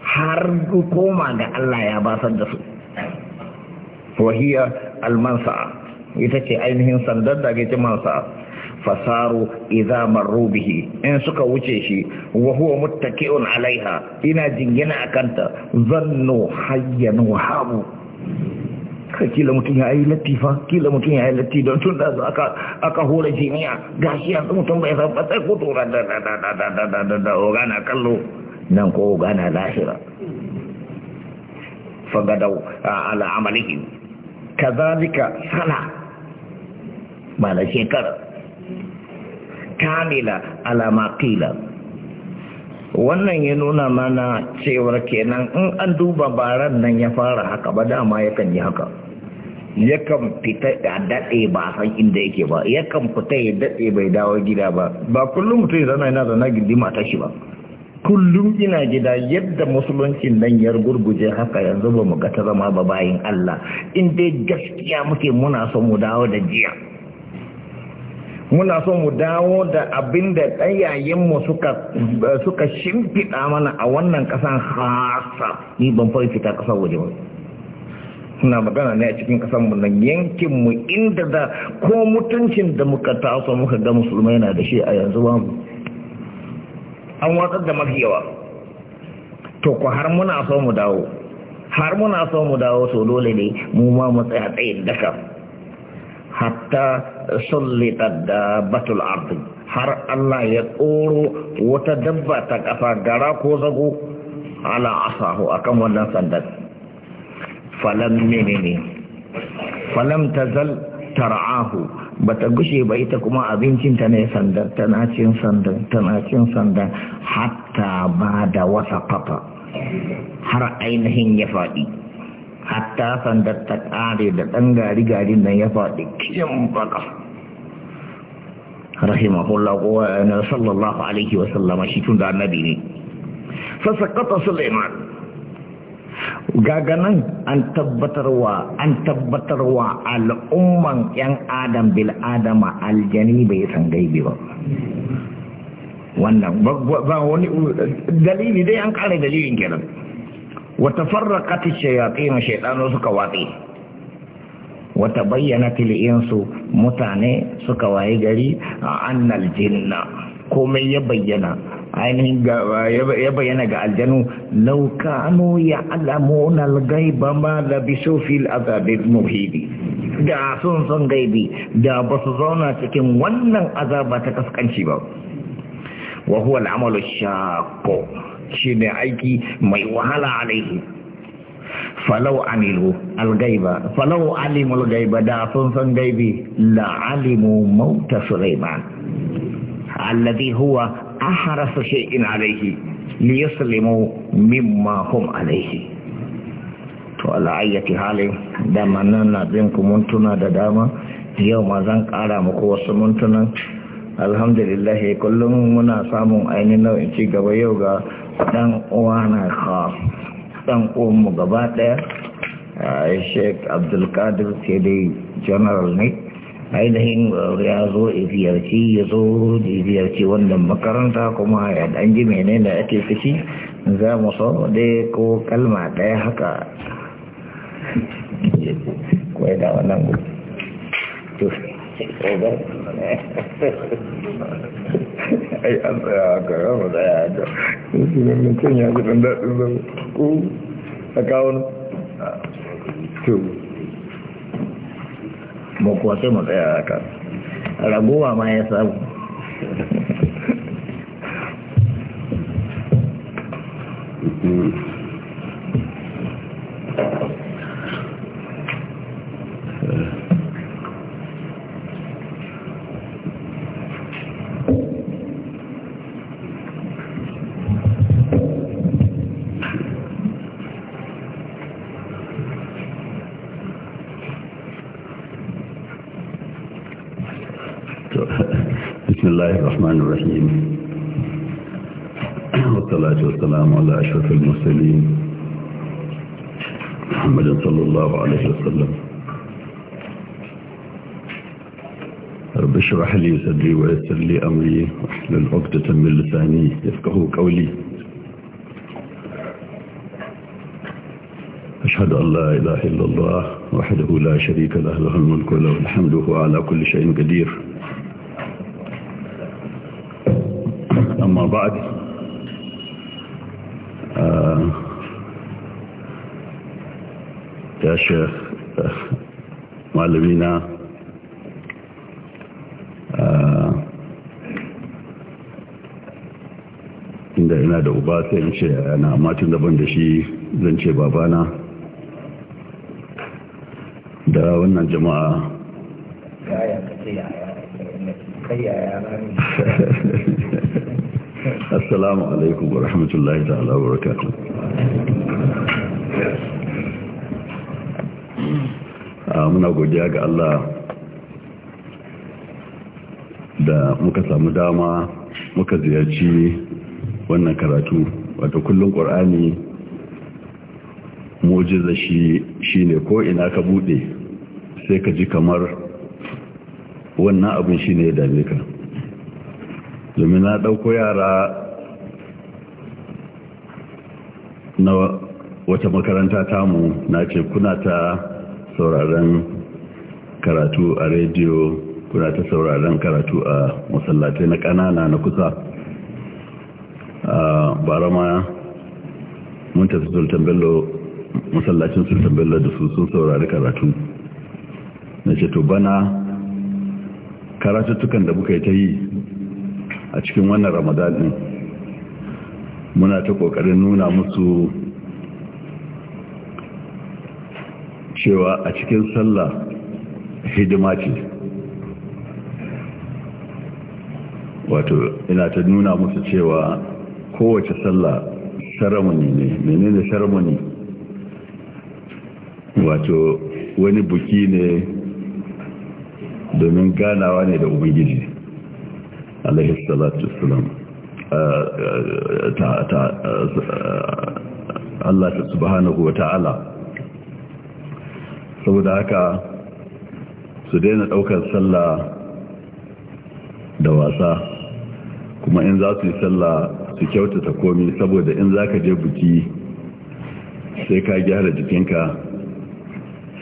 B: har koma ga Allah ya basar da su wahiya almansa'a ita ce ainihin sandar da ake cimansa fasaru idza marru bihi in suka wuce shi wa huwa muttaki'un alaiha ina jingina akanta zannu hayyan wahabu kila mutum ya yi latifa kila mutum ya yi latifa don tun da aka aka hore jiniya gashi yanzu mutum bai san fatsai ko tura da da da da da da da da ogana kallo nan ko ogana lahira fagadau ala amalihim kazalika sala ba shekara kamila alama kila wannan ya nuna mana cewar kenan in an duba baran nan ya fara haka ba dama yakan yi haka yakan fita da daɗe ba san inda yake ba yakan fita ya daɗe bai dawo gida ba ba kullum mutum zana yana zana gindi mata shi ba kullum ina gida yadda musuluncin nan ya gurguje haka yanzu ba mu ga ta zama ba bayan Allah in dai gaskiya muke muna son mu dawo da jiya muna so mu dawo da abin da ɗayayenmu suka shimfiɗa mana a wannan ƙasan hasa ni ban fari fita ƙasar waje ba suna magana ne a cikin ƙasanmu mu na yankinmu inda da ko mutuncin da muka taso muka ga musulmai na da shi a yanzu ba mu an watsar da mafi yawa to ku har muna so mu dawo har muna so mu dawo so dole ne mu ma mu tsaya tsayin daka hatta sullita da batul ardi har Allah ya tsoro wata dabba ta kafa gara ko zago ala asahu akan wannan sandan falam menene falam zal tar'ahu ta gushe ba ita kuma abincinta ne sandan tana cin sandan tana cin sandan hatta ba da wasa kafa har ainihin ya faɗi hatta sandar ta ƙare da ɗan gari gari nan ya faɗi kiyan baka rahimahullah kowa na sallallahu alaihi wasallama shi tun da annabi ne sassakata suleiman gaganan an tabbatarwa an tabbatarwa al'umman yan adam bil adama aljani bai san gaibe ba wannan ba wani dalili dai an ƙara dalilin kenan wata farraƙati shayatin shaidanu suka watsi wata bayyana tiliyinsu mutane suka waye gari a annal jinna komai ya bayyana ainihin ya bayyana ga aljanu laukano ya alamuna gaiba ma labisu fil azabin muhidi da sun son gaibi da ba su zauna cikin wannan azaba ta kaskanci ba wa huwa al'amalu shaqo shi ne aiki mai wahala alaihi falau anilu algaiba falau alimu algaiba da sun gaibi la alimu mauta suleiman alladhi huwa aharasu shay'in alaihi li yuslimu mimma hum alaihi to ala ayati hali da manan na bin ku muntuna da dama yau ma zan kara muku wasu muntunan alhamdulillah kullum muna samun ainihin nau'in ci gaba yau ga dan na ɗan dan uwanmu gaba ɗaya eh, sheik abdulkadir sai dai general ne ainihin eh, ya zo ziyarci ya zo ziyarci wannan makaranta kuma ya dan ji da ake ciki za mu so dai ko kalma ɗaya haka kwai wannan to tsobar ai an tsaya su ne mutum ya ji ɗan daɗin a kawo ragowa ma ya samu mm-hmm.
C: الرحمن الرحيم والصلاة والسلام على أشرف المرسلين محمد صلى الله عليه وسلم رب اشرح لي صدري ويسر لي أمري واحلل عقدة من لساني يفقه قولي أشهد أن لا إله إلا الله وحده لا شريك له له الملك وله الحمد وهو على كل شيء قدير أما بعد يا شيخ آه معلمينا inda ina da uba sai in ce yana matin daban da shi zan ce babana da wannan jama'a assalamu alaikum wa rahmatullahi ta'ala wa a ah, muna godiya ga Allah da muka samu dama muka ziyarci wannan karatu Wata kullum ƙwar'ani mujiza shi ne ko ina ka buɗe sai ka ji kamar wannan abin shi ne ya dame ka domin na ɗauko yara na wata makaranta tamu na ce kuna ta sauraren karatu a rediyo kuna ta sauraren karatu a masallatai na ƙanana na kusa a barama mun tafi sultan bello musallacin sultan bello da su sun saurari karatu na ce to bana karatuttukan da muka yi ta yi a cikin wannan ramadan ɗin muna ta ƙoƙarin nuna musu cewa a cikin sallah hidima ce wato ina ta nuna musu cewa kowace sallah saramani ne menene saramani wato wani buki ne domin ganawa ne da ubangiji alaihi salatu wassalam Allah ta subhanahu wa ta'ala saboda haka su daina daukar sallah da wasa kuma in za su yi sallah su kyautata komi saboda in za ka je buki sai ka gyara jikinka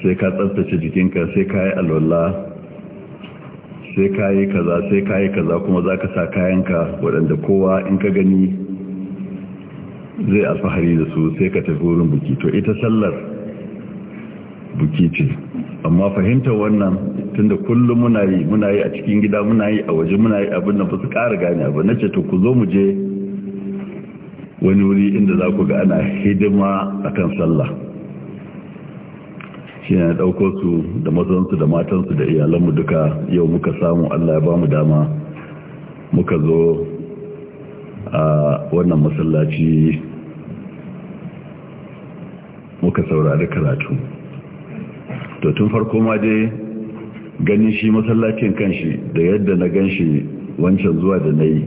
C: sai ka tsaftace jikinka sai ka yi alwallah sai kayi kaza sai kayi kaza kuma za ka sa kayanka waɗanda kowa in ka gani zai alfahari da su sai ka tafi wurin buki to ita sallar buki ce amma fahimtar wannan tunda kullum muna yi muna yi a cikin gida muna yi a waje muna yi abin da ba su ƙara gane abin na ce to ku zo mu je wani wuri inda za ku ga ana hidima a kan sallah shi na ɗauko su da mazansu da matansu da iyalanmu duka yau muka samu Allah ya ba mu dama muka zo a wannan masallaci muka saurari karatu to tun farko ma dai ganin shi masallacin kanshi da yadda na gan shi wancan zuwa da na yi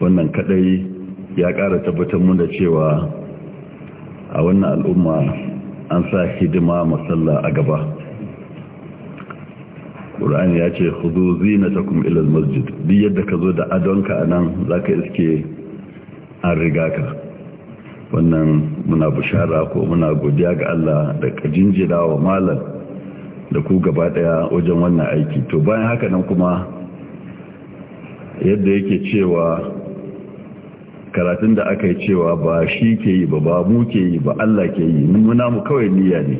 C: wannan kadai ya ƙara tabbatar mun da cewa a wannan al'umma an sa hidima masalla a gaba ƙura'an ya ce hudu zina ta kuma ilal masjid duk yadda ka zo da adonka a nan za ka iske an riga ka wannan muna bishara ko muna godiya ga Allah da ka jinjira wa malar da ku gaba daya wajen wannan aiki to bayan haka nan kuma yadda yake cewa karatun da aka yi cewa ba shi ke yi ba ba mu ke yi ba Allah ke yi muna mu kawai niyya ne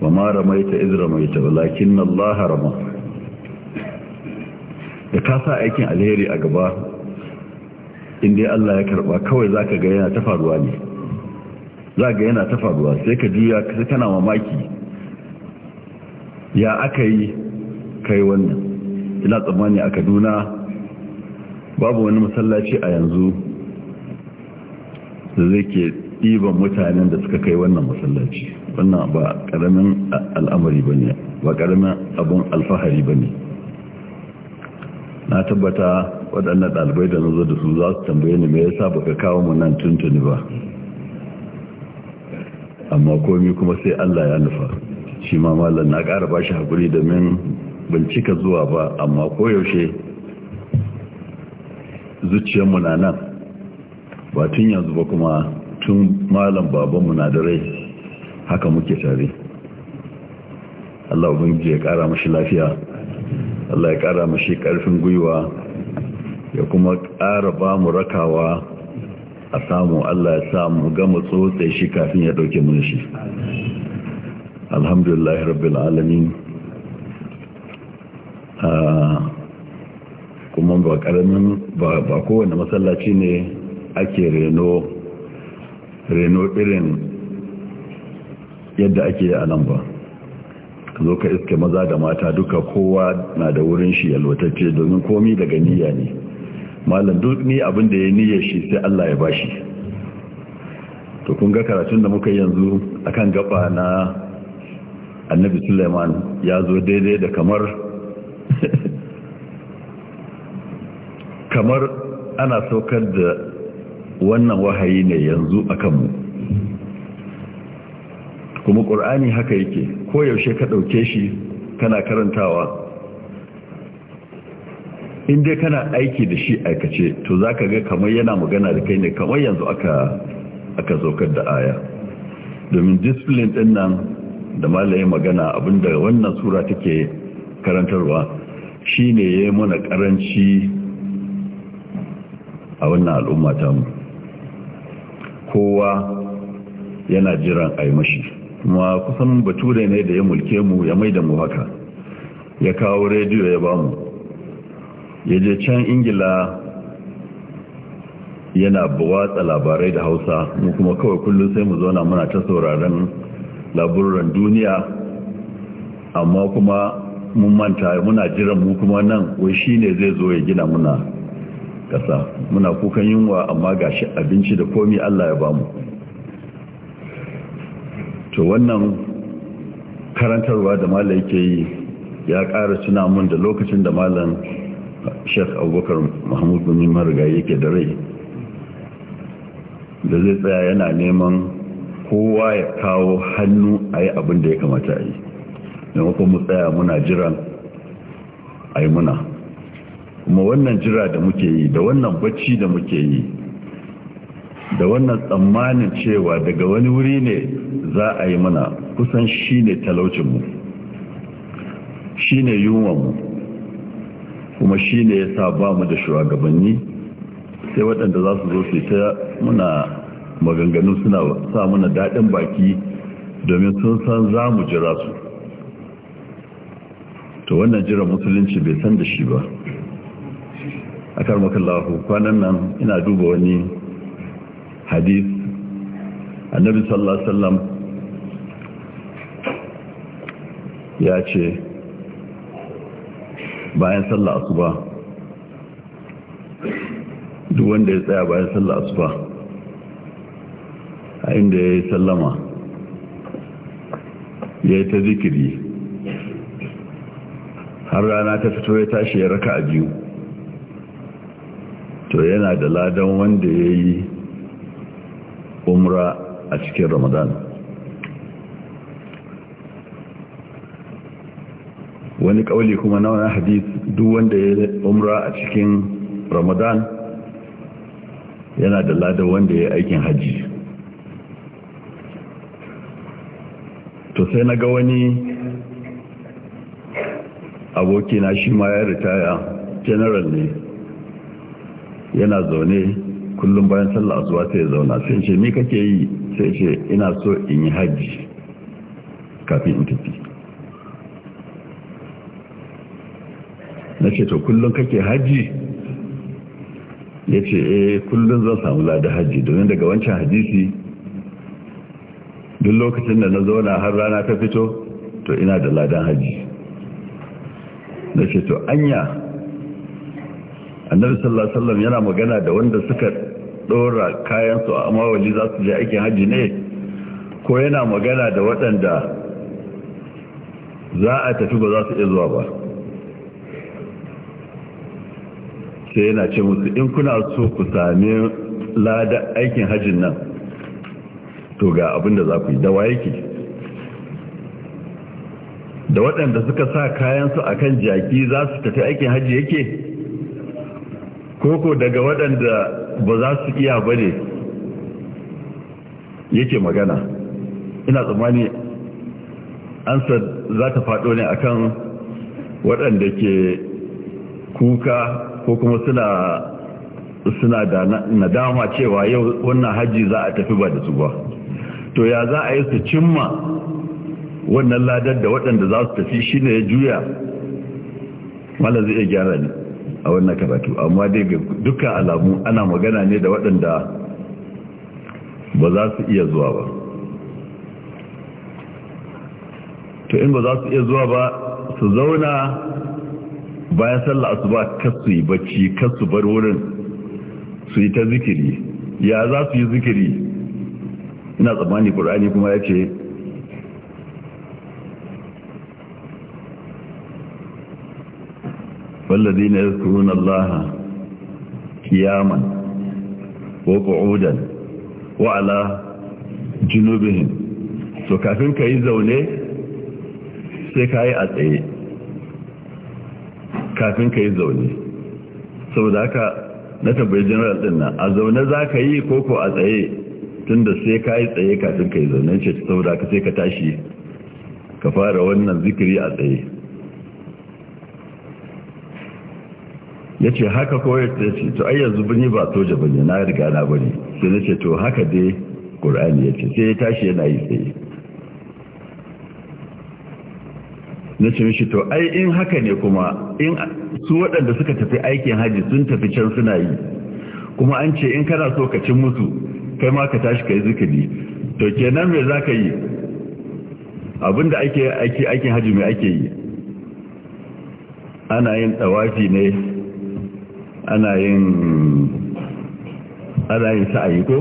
C: wa ma ramaita iz ramaita walakin Allah rama da ka sa aikin alheri a gaba in dai Allah ya karba kawai zaka ga yana ta faruwa ne zaka ga yana ta sai ka juya sai kana mamaki ya aka yi kai wannan ina tsammani a Kaduna babu wani masallaci a yanzu da zai ke ɗiban mutanen da suka kai wannan masallaci wannan ba ƙaramin al'amari ba ne ba ƙaramin abin alfahari ba ne na tabbata waɗannan ɗalibai da nazo da su za su tambaye ni mai yasa baka kawo mu nan tuntuni ba amma komi kuma sai Allah ya nufa shi ma mallam na ƙara ba shi haƙuri domin bincika zuwa ba amma koyaushe zuciyarmu na nan ba tun yanzu ba kuma tun malam babanmu na da rai haka muke tare Allah ubangiji ya kara mashi lafiya Allah ya kara mashi karfin gwiwa ya kuma kara ba mu rakawa a samu Allah ya sa mu gama tsotsa shi kafin ya dauke mun shi alhamdulillah rabbil alamin ah, kuma ba karamin ba kowane masallaci ne ake reno reno irin yadda ake yi a nan ba ka zo ka iske maza da mata duka kowa na da wurin shi lotacce domin komi daga niyya ne malam duk ni abin da ya niyya shi sai Allah ya bashi to kun ga karatun da muka yanzu akan gaba na annabi Suleiman ya zo daidai da kamar kamar ana saukar da wannan wahayi ne yanzu a kanmu kuma ƙur'ani haka yake yaushe ka ɗauke shi kana karantawa in dai kana aiki da shi aikace to za ka ga kamar yana magana da kai ne kamar yanzu aka zokar da aya domin discipline ɗin nan da malaye magana abinda wannan sura take karantarwa shine ya yi mana karanci a wannan al'ummatanmu kowa yana jiran a yi mashi kuma kusan bature ne da ya mulke mu ya mai da mu haka ya kawo rediyo ya bamu ya je can ingila yana buwatsa labarai da hausa mu kuma kawai kullum sai mu zauna muna ta sauraron laburan duniya amma kuma mun manta muna jiran mu kuma nan wai ne zai zo ya gina muna ƙasa muna kukan yunwa amma ga shi abinci da komi Allah ya bamu to wannan karantarwa da mala yake yi ya ƙara suna mun da lokacin da mallam Sheikh Abubakar Mahmud bin Marga yake da rai da zai tsaya yana neman kowa ya kawo hannu a yi abin da ya kamata a yi maimakon mu tsaya muna jiran a yi muna kuma wannan jira da muke yi da wannan bacci da muke yi da wannan tsammanin cewa daga wani wuri ne za a yi mana kusan shi ne talaucinmu shi ne yunwanmu kuma shi ne ya sa ba mu da shugabanni sai waɗanda za su zo su ta muna maganganu suna sa muna daɗin baki domin sun san za mu jira su to wannan jiran musulunci bai san da shi ba a karmakallahu kwanan nan ina duba wani hadis annabi sallallahu alaihi wasallam ya ce bayan sallah asuba duk wanda ya tsaya bayan sallah asuba a inda ya yi sallama ya yi ta zikiri har rana ta fito ya tashi ya raka a biyu to yana da ladan wanda ya yi umra a cikin ramadan wani ƙaule kuma na wani hadith duk wanda ya yi umra a cikin ramadan yana da ladan wanda ya yi aikin hajji to sai na ga wani abokina shi ma ya ritaya general ne yana zaune kullum bayan sallah asuba sai ya zauna sai ce me kake yi sai ce ina so in yi hajji kafin in tafi na ce to kullum kake hajji ya ce eh kullum zan samu lada hajji domin daga wancan hadisi duk lokacin da na zauna har rana ta fito to ina da ladan hajji na ce to anya annabi sallallahu alaihi wasallam yana magana da wanda suka dora kayan su a mawali za su je aikin haji ne ko yana magana da waɗanda za a tafi ba za su iya zuwa ba sai yana ce musu in kuna so ku sami lada aikin hajjin nan to ga abin da za ku yi da waye ke da waɗanda suka sa kayan su akan jaki za su tafi aikin hajji yake koko daga waɗanda ba za su iya ba ne yake magana ina tsammani ansa za ta faɗo ne akan waɗanda ke kuka ko kuma suna suna da nadama cewa yau wannan hajji za a tafi ba da su ba to ya za a yi su cimma wannan ladar da waɗanda za su tafi shine ya juya malar zai iya gyara ne a wannan karatu amma dai ga dukkan alamu ana magana ne da waɗanda ba za su iya zuwa ba to in ba za su iya zuwa ba su zauna bayan sallar asuba kasu yi bacci kasu bar wurin su yi ta zikiri ya za su yi zikiri ina tsammani ƙur'ani kuma ya ce والذين يذكرون الله قياما وقعودا وعلى جنوبهم so kafin ka yi zaune sai ka yi a tsaye kafin ka yi zaune saboda haka na tabbai general din nan a zaune za ka yi koko a tsaye tunda sai ka yi tsaye kafin ka yi zaune ce saboda haka sai ka tashi ka fara wannan zikiri a tsaye ya ce haka kawai ta ce to ai yanzu bani ba soja bane na riga na bane sai na ce to haka dai ƙur'ani ya ce sai ya tashi yana yi tsaye na ce mishi to ai in haka ne kuma in su waɗanda suka tafi aikin haji sun tafi can suna yi kuma an ce in kana so ka cin musu kai ma ka tashi ka yi zikiri to kenan me za ka yi abinda ake aikin haji mai ake yi ana yin tsawafi ne ana yin ana yin sa'ayi ko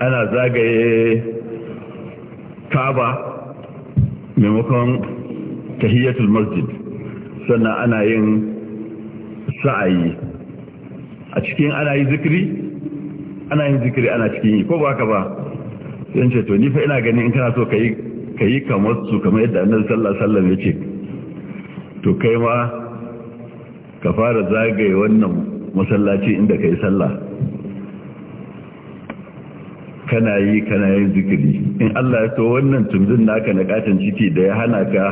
C: ana zagaye kaba maimakon tahiyyatul masjid sannan ana yin sa'ayi a cikin ana yi zikiri ana yin zikiri ana cikin yi ko ba ka ba sai ce to ni fa ina ganin in kana so kai kai kamar su kamar yadda annabi sallallahu alaihi wasallam ce to kai ma ka fara zagaye wannan masallaci inda ka yi sallah kana yi kana yin zikiri in Allah ya to wannan tumzin naka na katin ciki da ya hana ka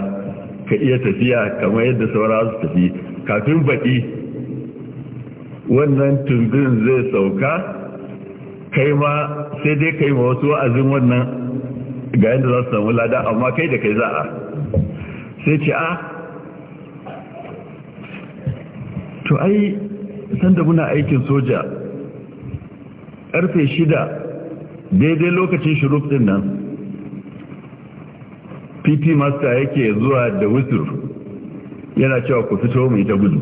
C: ka iya tafiya kamar yadda saura su tafi kafin baki wannan tumzin zai sauka kai ma sai dai kai ma wasu wa'azin wannan ga yadda za su samu lada amma kai da kai za a sai ce a ah, to ai sanda muna aikin soja karfe shida daidai lokacin shirup din nan pp master yake zuwa da wusur yana cewa ku fito mai ta gudu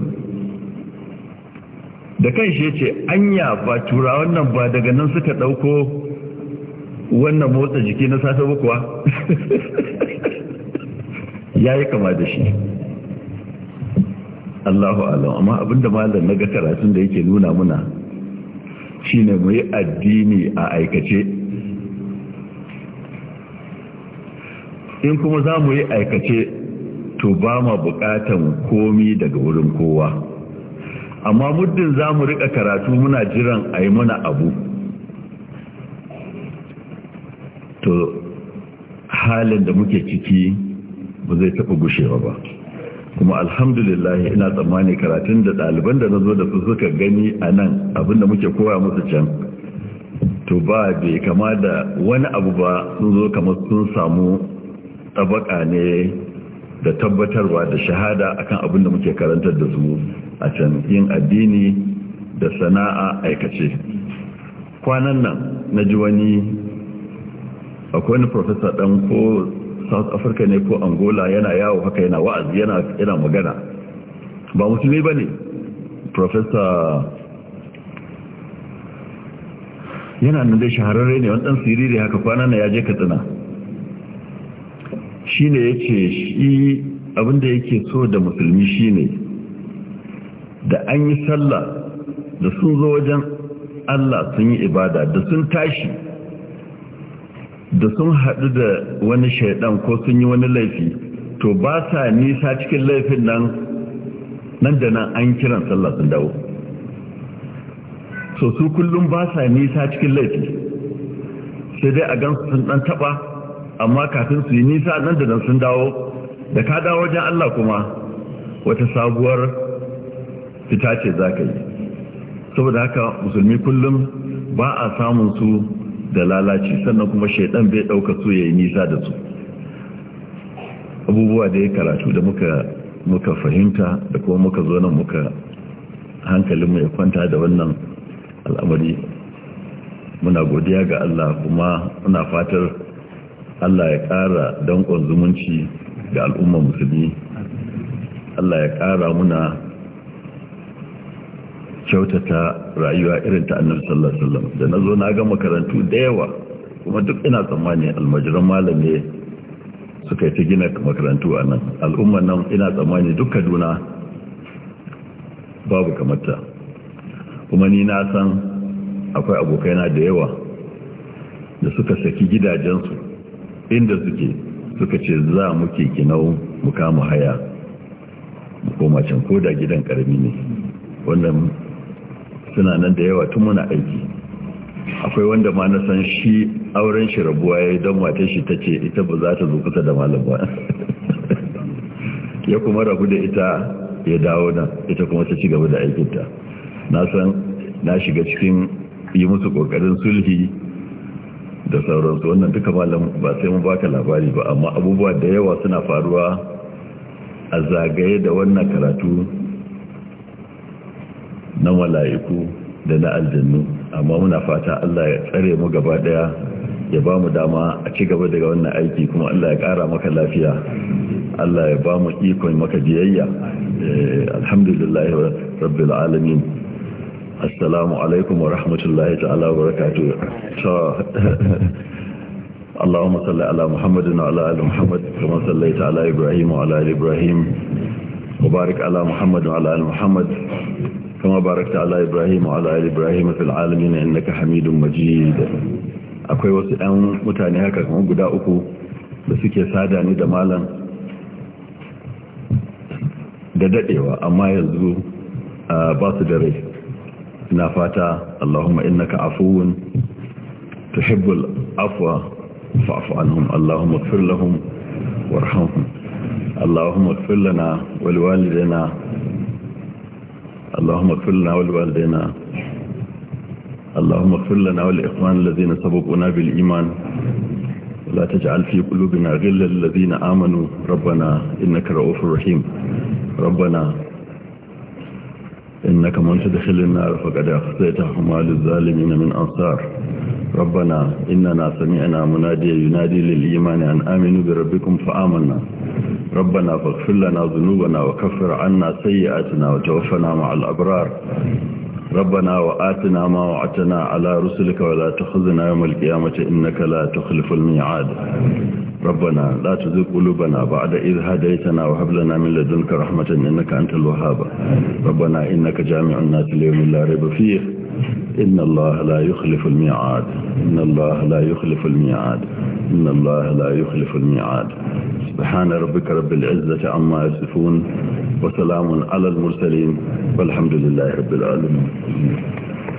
C: da kan shi ce anya ba tura wannan ba daga nan suka ɗauko wannan motsa jiki na sata kuwa ya yi kama da shi Allahu alam amma abinda malam na ga karatun da yake nuna muna shine mu yi addini a aikace in kuma za mu yi aikace to ba ma bukatan komi daga wurin kowa amma muddin za mu rika karatu muna jiran a yi muna abu to halin da muke ciki ba zai taɓa gushewa ba kuma alhamdulillah ina tsammani karatun da ɗaliban da na zo da su suka gani a nan abinda muke koya musu can to ba bai kama da wani abu ba sun zo kamar sun samu tabaka ne da tabbatarwa da shahada akan abin da muke karantar da su a can yin addini da sana'a aikace kwanan nan na ji wani akwai wani profesa ɗan ko south africa ne ko angola yana yawo haka yana wa'azi yana yana magana ba musulmi ba professor yana nan dai shahararre ne wadansu siriri haka kwana na ya je katsina shine yace ya ce shi abinda yake so da musulmi shine. da an yi sallah da sun zo wajen allah sun yi ibada da sun tashi da sun haɗu da wani shaidan ko sun yi wani laifi to ba sa nisa cikin laifin nan nan da nan an kiran sallah sun dawo so su kullum ba sa nisa cikin laifi sai dai a gan sun ɗan taɓa amma kafin su yi nisa nan da nan sun dawo da ka dawo wajen Allah kuma wata sabuwar fita ce za ka yi saboda haka musulmi kullum ba a samun su da lalaci sannan kuma shaidan bai dauka su yayi nisa da su abubuwa da ya karatu da muka fahimta da kuma muka zo nan muka mu ya kwanta da wannan al'amari muna godiya ga Allah kuma muna fatar Allah ya ƙara danƙon zumunci ga al'ummar musulmi Allah ya ƙara muna kyautata rayuwa irin ta annabi sallallahu alaihi wasallam da nazo na ga makarantu da yawa kuma duk ina tsammani almajiran malami suka yi ta gina makarantu a nan al'umma nan ina tsammani duk kaduna babu kamata kuma ni na san akwai abokaina da yawa da suka saki gidajensu inda suke suka ce za mu ke kinau mu kama haya mu koma can ko da gidan karami ne wannan suna nan da yawa tun muna aiki akwai wanda ma na san shi auren shi rabuwa ya yi don matan shi ta ce ita ba za ta zo kusa da malam ya kuma rabu da ita ya dawo nan ita kuma ta ci gaba da aikinta na san na shiga cikin yi musu kokarin sulhi da sauransu wannan duka malam ba sai mu baka labari ba amma abubuwa da yawa suna faruwa a zagaye da wannan karatu na mala'iku da na aljannu amma muna fata Allah ya tsare mu gaba daya ya ba mu dama a ci gaba daga wannan aiki kuma Allah ya kara maka lafiya Allah ya ba mu ikon maka biyayya eh, alhamdulillah rabbil alamin assalamu alaikum wa rahmatullahi ta'ala wa barakatuh اللهم صل على محمد وعلى ال محمد كما صليت على ابراهيم وعلى ال ابراهيم وبارك على محمد وعلى ال muhammad. كما باركت على إبراهيم وعلى آل إبراهيم في العالمين إنك حميد مجيد akwai wasu 'yan mutane haka kuma guda uku da suke sada ni da malam da dadewa amma yanzu ba su da rai na fata Allahumma innaka afuwun tuhibbul afwa fa'fu anhum اللهم اغفر لنا ولوالدينا اللهم اغفر لنا ولإخوان الذين سبقونا بالإيمان ولا تجعل في قلوبنا غلا للذين آمنوا ربنا إنك رؤوف رحيم ربنا إنك من تدخل النار فقد أخذتها ما للظالمين من أنصار ربنا إننا سمعنا مناديا ينادي للإيمان أن آمنوا بربكم فآمنا ربنا فاغفر لنا ذنوبنا وكفر عنا سيئاتنا وتوفنا مع الأبرار ربنا وآتنا ما وعدتنا على رسلك ولا تخزنا يوم القيامة إنك لا تخلف الميعاد ربنا لا تزغ قلوبنا بعد إذ هديتنا وهب لنا من لدنك رحمة إنك أنت الوهاب ربنا إنك جامع الناس ليوم لا ريب فيه إن الله لا يخلف الميعاد إن الله لا يخلف الميعاد إن الله لا يخلف الميعاد سبحان ربك رب العزة عما يصفون وسلام على المرسلين والحمد لله رب العالمين